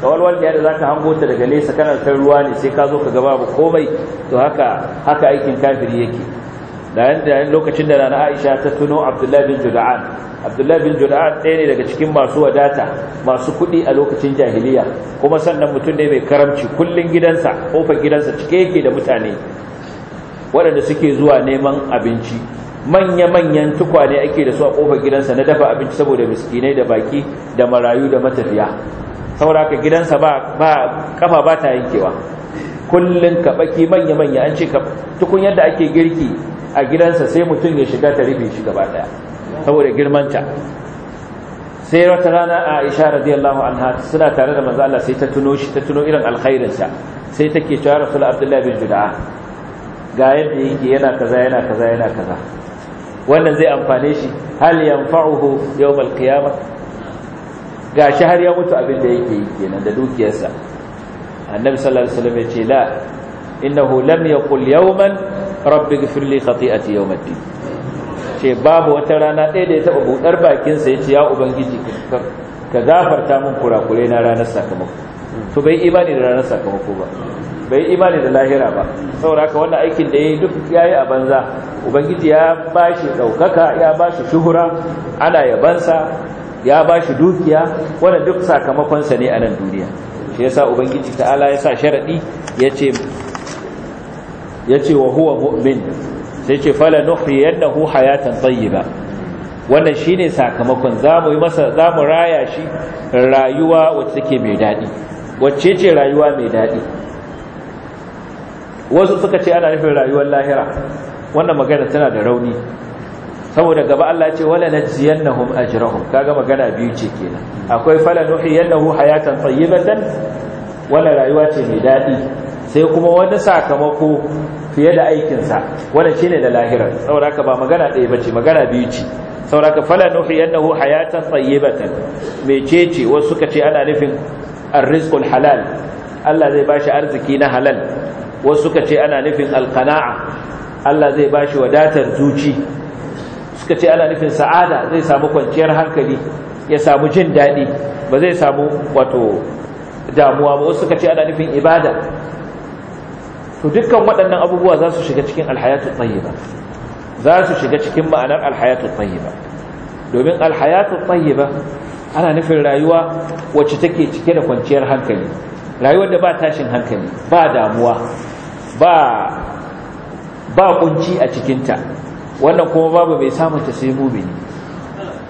kawalwal ya da za ka hango ta daga nesa kana ta ruwa ne sai ka zo ka gaba ba komai to haka haka aikin kafiri yake da yadda lokacin da rana aisha ta tuno abdullahi bin Jud'an abdullahi bin Jud'an ɗaya ne daga cikin masu wadata masu kuɗi a lokacin jahiliya kuma sannan mutum ne mai karamci kullun gidansa kofar gidansa cike yake da mutane waɗanda suke zuwa neman abinci manya-manyan tukwane ake da su a kofar gidansa na dafa abinci saboda miskinai da baki da marayu da matafiya saboda gidansa ba kafa ba ta yankewa kullum kaɓaki manya-manya an ce tukun yadda ake girki a gidansa sai mutum ya shiga ta rufe shi gaba daya saboda girmanta sai wata rana a isha radiyallahu anha suna tare da manzo Allah sai ta tuno shi ta tuno irin alkhairin sa sai take cewa rasul abdullahi bin juda'a ga yadda yake yana kaza yana kaza yana kaza wannan zai amfane shi hal yanfa'uhu yawmal Ga shi har ya mutu abin da yake yi kenan da dukiyarsa annabi sallallahu alaihi wasallam ya ce la innahu lam yaqul yawman rabbi a li khati'ati yawmiddin ce babu wata rana ɗaya da ya taɓa buɗar bakinsa ya ce ya ubangiji ka gafarta min kurakure na ranar sakamako to bai imani da ranar sakamako ba bai imani da lahira ba saboda haka wannan aikin da yayi duk yayi a banza ubangiji ya bashi daukaka ya bashi shuhura ana yabansa ya bashi dukiya wanda duk sakamakonsa ne a nan duniya shi yasa ubangiji ta'ala ya sa sharadi yace ce wa huwa mu'min sai ce fala yannahu hayatan tayyiba wannan shine sakamakon zamu yi masa zamu raya shi rayuwa wacce take mai dadi wacce ce rayuwa mai dadi wasu suka ce ana nufin rayuwar lahira wannan magana tana da rauni saboda gaba Allah ya ce wala najiyannahum ajrahum kaga magana biyu ce kenan akwai fala yannahu hayatan tayyibatan wala rayuwa ce mai dadi sai kuma wani sakamako fiye da aikinsa wannan shine da lahira saboda ba magana ɗaya bace magana biyu ce saboda ka fala nuhiyannahu hayatan tayyibatan mecece wasu suka ce ana nufin arrizqul halal Allah zai ba shi arziki na halal wasu suka ce ana nufin alqana'a Allah zai ba shi wadatar zuci suka ce ana nufin sa'ada zai samu kwanciyar hankali ya samu jin daɗi ba zai samu wato damuwa ba wasu suka ce ana nufin ibada to dukkan waɗannan abubuwa za su shiga cikin alhayatu tayyiba za su shiga cikin ma'anar alhayatu tayyiba domin alhayatu tayyiba ana nufin rayuwa wacce take cike da kwanciyar hankali rayuwar da ba tashin hankali ba damuwa ba ba kunci a cikinta wannan kuma babu mai samun ta sai mumini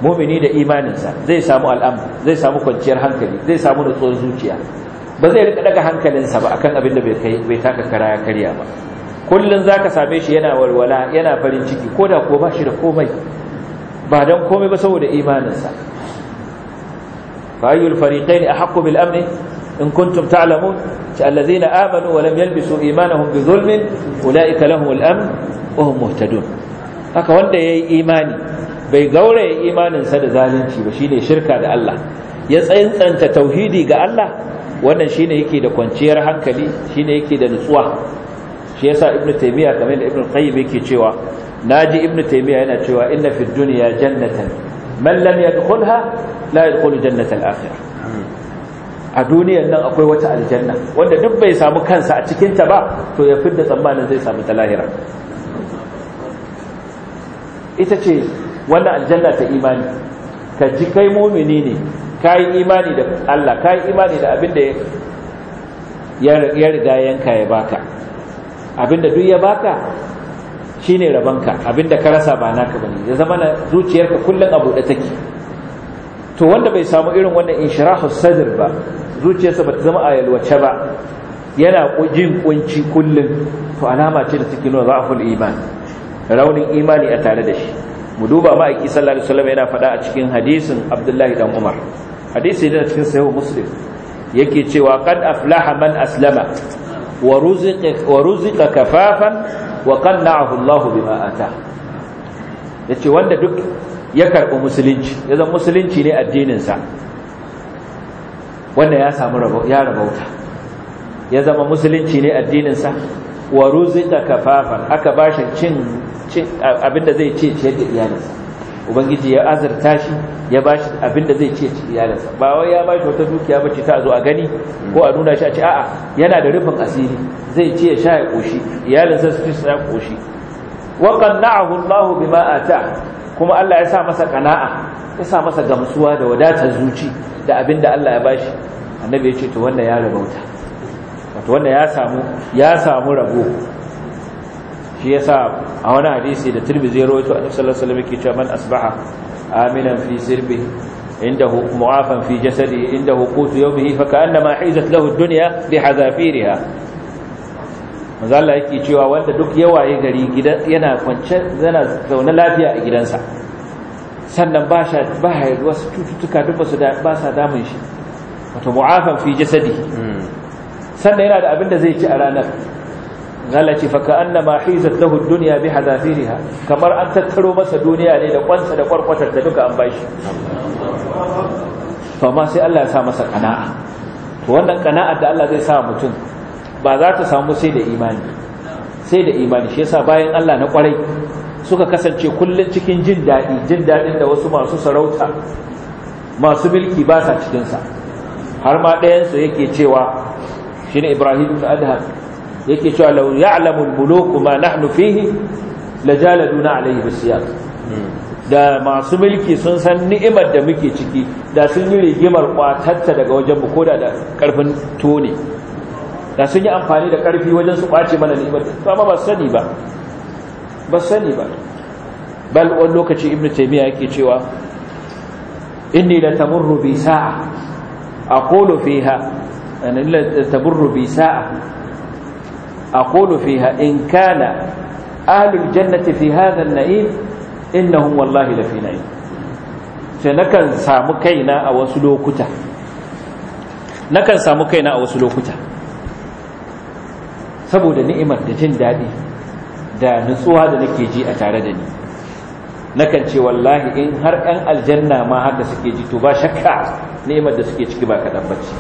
mumini da imaninsa zai samu al'amma, zai samu kwanciyar hankali zai samu nutsuwar zuciya ba zai rika daga hankalinsa ba akan abin da bai taka kara ya karya ba kullum zaka same shi yana walwala yana farin ciki ko ko ba shi da komai ba don komai ba saboda imaninsa fa'ayyul fariqain ahqqu bil amn in kuntum ta'lamun cha allazina amanu wa lam yalbisu imanahum bi zulmin ulaika al amn wa hum muhtadun haka wanda yayi imani bai gauraya imaninsa da zalunci ba shine shirka da Allah ya tsantsanta tauhidi ga Allah wannan shine yake da kwanciyar hankali shine yake da nutsuwa shi yasa ibnu taymiya kamar da ibnu qayyim yake cewa naji ibnu taimiya yana cewa inna fi duniya, jannatan man lam yadkhulha la ya jannata jannatan akhirah a duniyar nan akwai wata aljanna wanda duk bai samu kansa a cikin ta ba to ya fidda tsammanin zai samu ta lahira ita ce wannan aljanna ta imani ka ji kai mumini ne yi imani da Allah yi imani da abin da ya riga yanka ya baka abin da duk ya baka shine ka, abin da ka rasa ba naka bane ya zama na zuciyarka kullum abu da take to wanda bai samu irin wannan inshirahu sadr ba zuciyarsa ba ta zama a yalwace ba yana jin kunci kullum to alama ce da take nuna za'aful iman raunin imani a tare da shi mu duba ma'aiki sallallahu alaihi wasallam yana faɗa a cikin hadisin Abdullahi dan Umar hadisi da cikin sahih muslim yake cewa qad aflaha man aslama wa ruziqa wa ruziqa kafafan wa qanna'ahu Allah bima ata yace wanda duk ya karbi musulunci yazan musulunci ne addinin sa wanda ya samu rabo ya rabauta ya zama musulunci ne addinin sa wa ruziqa kafafan aka bashi cin abinda zai ce ce da iyalinsa ubangiji ya azurta shi ya bashi abin da zai ce ci iyalansa ba wai ya bashi wata dukiya ba ce ta zo a gani ko a nuna shi a ce a'a yana da rufin asiri zai ce ya sha ya koshi iyalansa su ci su koshi wa qanna'ahu Allah bima ata kuma Allah ya sa masa kana'a ya sa masa gamsuwa da wadatar zuci da abin da Allah ya bashi annabi ya ce to wannan ya rabauta wato wannan ya samu ya samu rabo shi yasa a wani hadisi da tirmidhi rawaito annabi sallallahu alaihi wasallam yake cewa man asbaha aminan fi sirbi. muafan fi sirbihi عنده معافا في جسده عنده قوت يومه فكأنما حيزت له الدنيا بحذافيرها mazalla yake cewa wanda duk yawaye gari gidan yana kwance yana zaune lafiya a gidansa sannan ba sha ba wasu cututtuka duk basu ba sa damun shi wato mu'afan fi jasadi hmm. sannan yana da abin da zai ci a ranar zalace fa annama hizat lahu ad-dunya bi hadafiriha kamar an tattaro masa duniya ne da kwansa da kwarkwatar da duka an bashi to amma sai Allah ya sa masa kana'a to wannan kana'ar da Allah zai sa mutum ba za ta samu sai da imani sai da imani shi yasa bayan Allah na kwarai suka kasance kullun cikin jin daɗi jin daɗin da wasu masu sarauta masu milki ba sa cikinsa har ma su yake cewa shine ibrahim da adham yake cewa law ya'lamu al-muluku ma nahnu fihi lajaladuna alayhi bisiyam da masu mulki sun san ni'imar da muke ciki da sun yi rigimar kwatatta daga wajen mu koda da karfin tone da sun yi amfani da karfi wajen su kwace mana ni'imar ba ba sani ba ba sani ba bal wani lokaci ibnu taymiya yake cewa inni la tamurru bi sa'a aqulu fiha an la tamurru bi sa'a أقول فيها إن كان أهل الجنة في هذا النعيم إنهم والله لفي نعيم سنكن سامكينا أو سلوكتا نكن سامكينا أو سلوكتا saboda ni'imar da jin daɗi da nutsuwa da nake ji a tare da ni nakan ce wallahi in har 'yan aljanna ma haka suke ji to ba shakka ni'imar da suke ciki ba kaɗan ba ce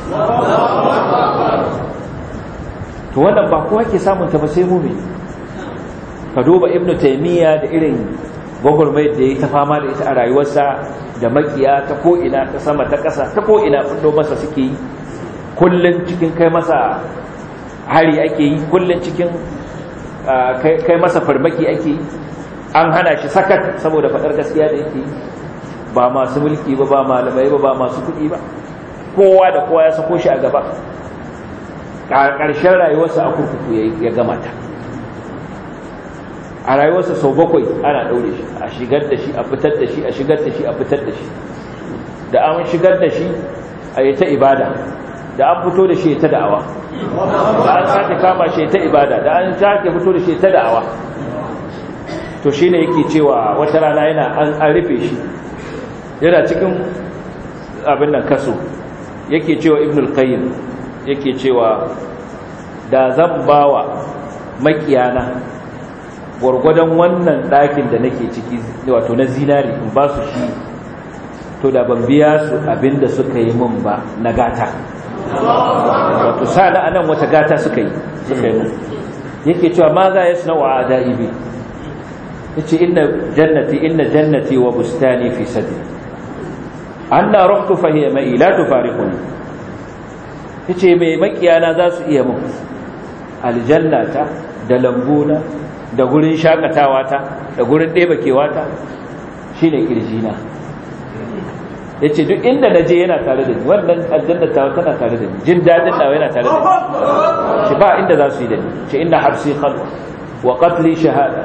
to wannan ba kowa ke samun ta ba sai mu mumi ka duba ibnu taymiya da irin gogormai da ya ta fama da ita a rayuwarsa da makiya ta ko'ina ta sama ta ƙasa ta ko'ina fundo masa suke yi kullum cikin kai masa hari ake yi kullum cikin kai masa farmaki ake yi an hana shi sakat saboda faɗar gaskiya da yake yi ba masu mulki ba ba malamai ba ba masu kuɗi ba kowa da kowa ya sako shi a gaba ƙarshen rayuwarsa a kurkuku ya gama ta a rayuwarsa sau bakwai ana ɗaure shi a shigar da shi a fitar da shi a shigar da shi a fitar da shi da an shigar da shi a yi ta ibada da an fito da shi ta da'awa da an sake kama shi ta ibada da an sake fito da shi ta da'awa to shi ne yake cewa wata rana yana an rufe shi yana cikin abin nan kaso yake cewa ibnul qayyim yake cewa da zan bawa makiyana gwargwadon wannan ɗakin da nake ciki wato na zinari in ba su shi to da ban biya su abin da suka yi min ba na gata wato na anan wata gata suka yi suka yi min yake cewa ma za yi suna wa'ada ibi ya ce inna jannati inna jannati wa bustani fi sadi an na ruhtu fahimai mai la tufariquni yace mai makiyana za su iya mun aljannata da lambuna da gurin shakatawa ta da gurin ɗebakewa ta shine na. yace duk inda naje yana tare da ni wannan aljannatawa tana tare da ni jin dadin dawa yana tare da ni shi ba inda za su yi da ni ce inna habsi khalwa wa qatli shahada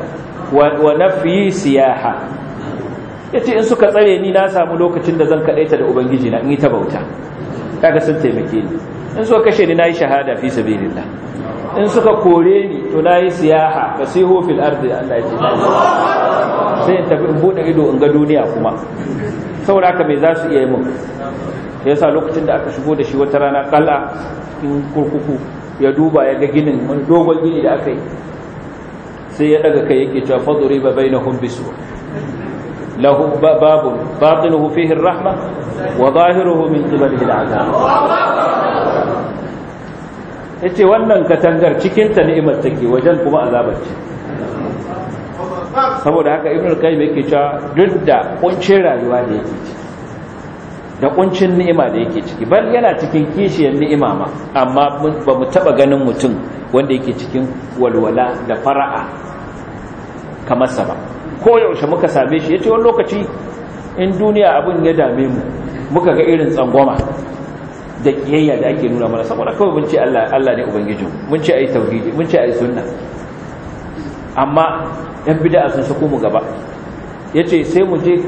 wa nafyi siyaha yace in suka tsare ni na samu lokacin da zan kadaita da ubangiji na in yi ta bauta kaga sun taimake ni in suka kashe ni nayi shahada fi sabilillah in suka kore ni to nayi siyaha fasihu fil ardi Allah ya sai in tafi in bude ido in ga duniya kuma saboda haka me za su iya yi yasa lokacin da aka shigo da shi wata rana kala in kurkuku ya duba ya ga ginin wani dogon gini da aka yi sai ya daga kai yake cewa faduri ba bainahum bisu lahu babun batinuhu fihi rahma wa من min qibalihi al'azab wannan katangar cikin ta ni'imar take wajen kuma azabar ce saboda haka ibn al-qayyim yake cewa duk da kuncin rayuwa da yake ciki da kuncin ni'ima da yake ciki bal yana cikin kishiyar ni'ima ma amma ba mu taba ganin mutum wanda yake cikin walwala da fara'a kamar sa ba ko yaushe muka same shi yace wani lokaci in duniya abin ya dame mu muka ga irin tsangwama da kiyayya da ake nuna mana saboda kawai mun ce Allah Allah ne ubangijin mun ce ai tauhidi mun ce ai sunna amma yan bid'a sun sako mu gaba yace sai mu je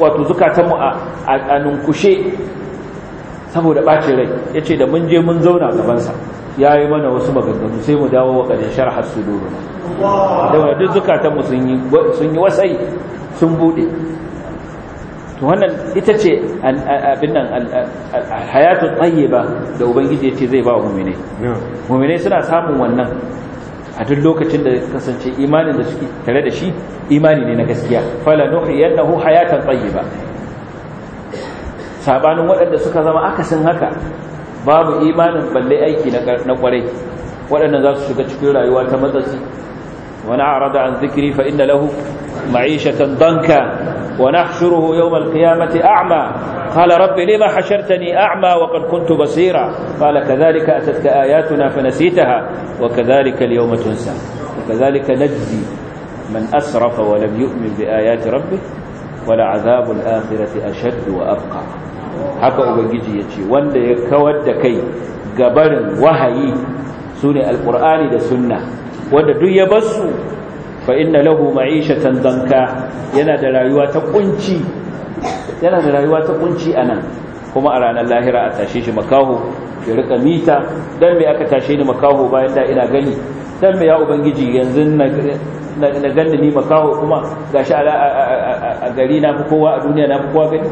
wato zukatan mu a a kushe saboda bacin rai yace da mun je mun zauna gaban sa yayi mana wasu maganganu sai mu dawo wa kadin sharhar suduruna da duk zukatan mu sun yi sun yi wasai sun bude to wannan ita ce abinnan nan hayatun tayyiba da ubangiji ya ce zai ba mu'minai mu'minai suna samun wannan a duk lokacin da kasance imanin da suke tare da shi imani ne na gaskiya fala nuhiyannahu hayatan tayyiba sabanin waɗanda suka zama akasin haka babu imanin balle aiki na kwarai waɗanda za su shiga cikin rayuwa ta matsatsi wani arada an zikiri fa inda lahu ma'ishatan danka ونحشره يوم القيامة أعمى قال رب لما حشرتني أعمى وقد كنت بصيرا قال كذلك أتتك آياتنا فنسيتها وكذلك اليوم تنسى وكذلك نجزي من أسرف ولم يؤمن بآيات ربه ولعذاب الآخرة أشد وأبقى حقا أبنجي يجي واند يكود كي قبر وهي سنة القرآن دا سنة واند دي da fa inna lahu ma'ishatan zanka yana da rayuwa ta kunci yana da rayuwa ta kunci anan kuma a ranar lahira a tashe shi makaho ya rika mita dan me aka tashe ni makaho bayan da ina gani dan me ya ubangiji yanzu na na ganni ni makaho kuma gashi a gari na fi kowa a duniya na fi kowa gani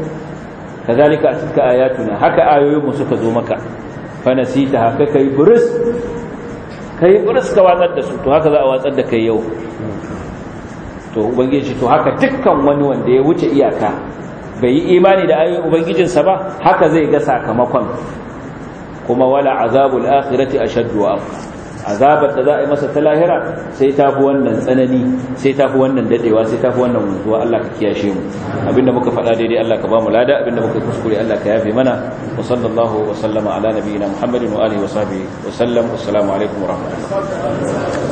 kazalika a cikin ayatuna haka ayoyin mu suka zo maka fa nasita haka kai buris kai buris ka watsar da su to haka za a watsar da kai yau to ubangiji to haka dukkan wani wanda ya wuce iyaka bai yi imani da ayoyin ubangijinsa ba haka zai ga sakamakon kuma wala azabul akhirati ashaddu wa azabar da za a yi masa ta lahira sai ta fi wannan tsanani sai ta fi wannan dadewa sai ta fi wannan wuzuwa. Allah ka kiyashe mu abinda muka faɗa daidai Allah ka ba mu lada abinda muka kuskure Allah ka yafe mana wa sallallahu wa sallama ala nabiyina muhammadin wa alihi wa sahbihi wa sallam assalamu alaikum wa rahmatullahi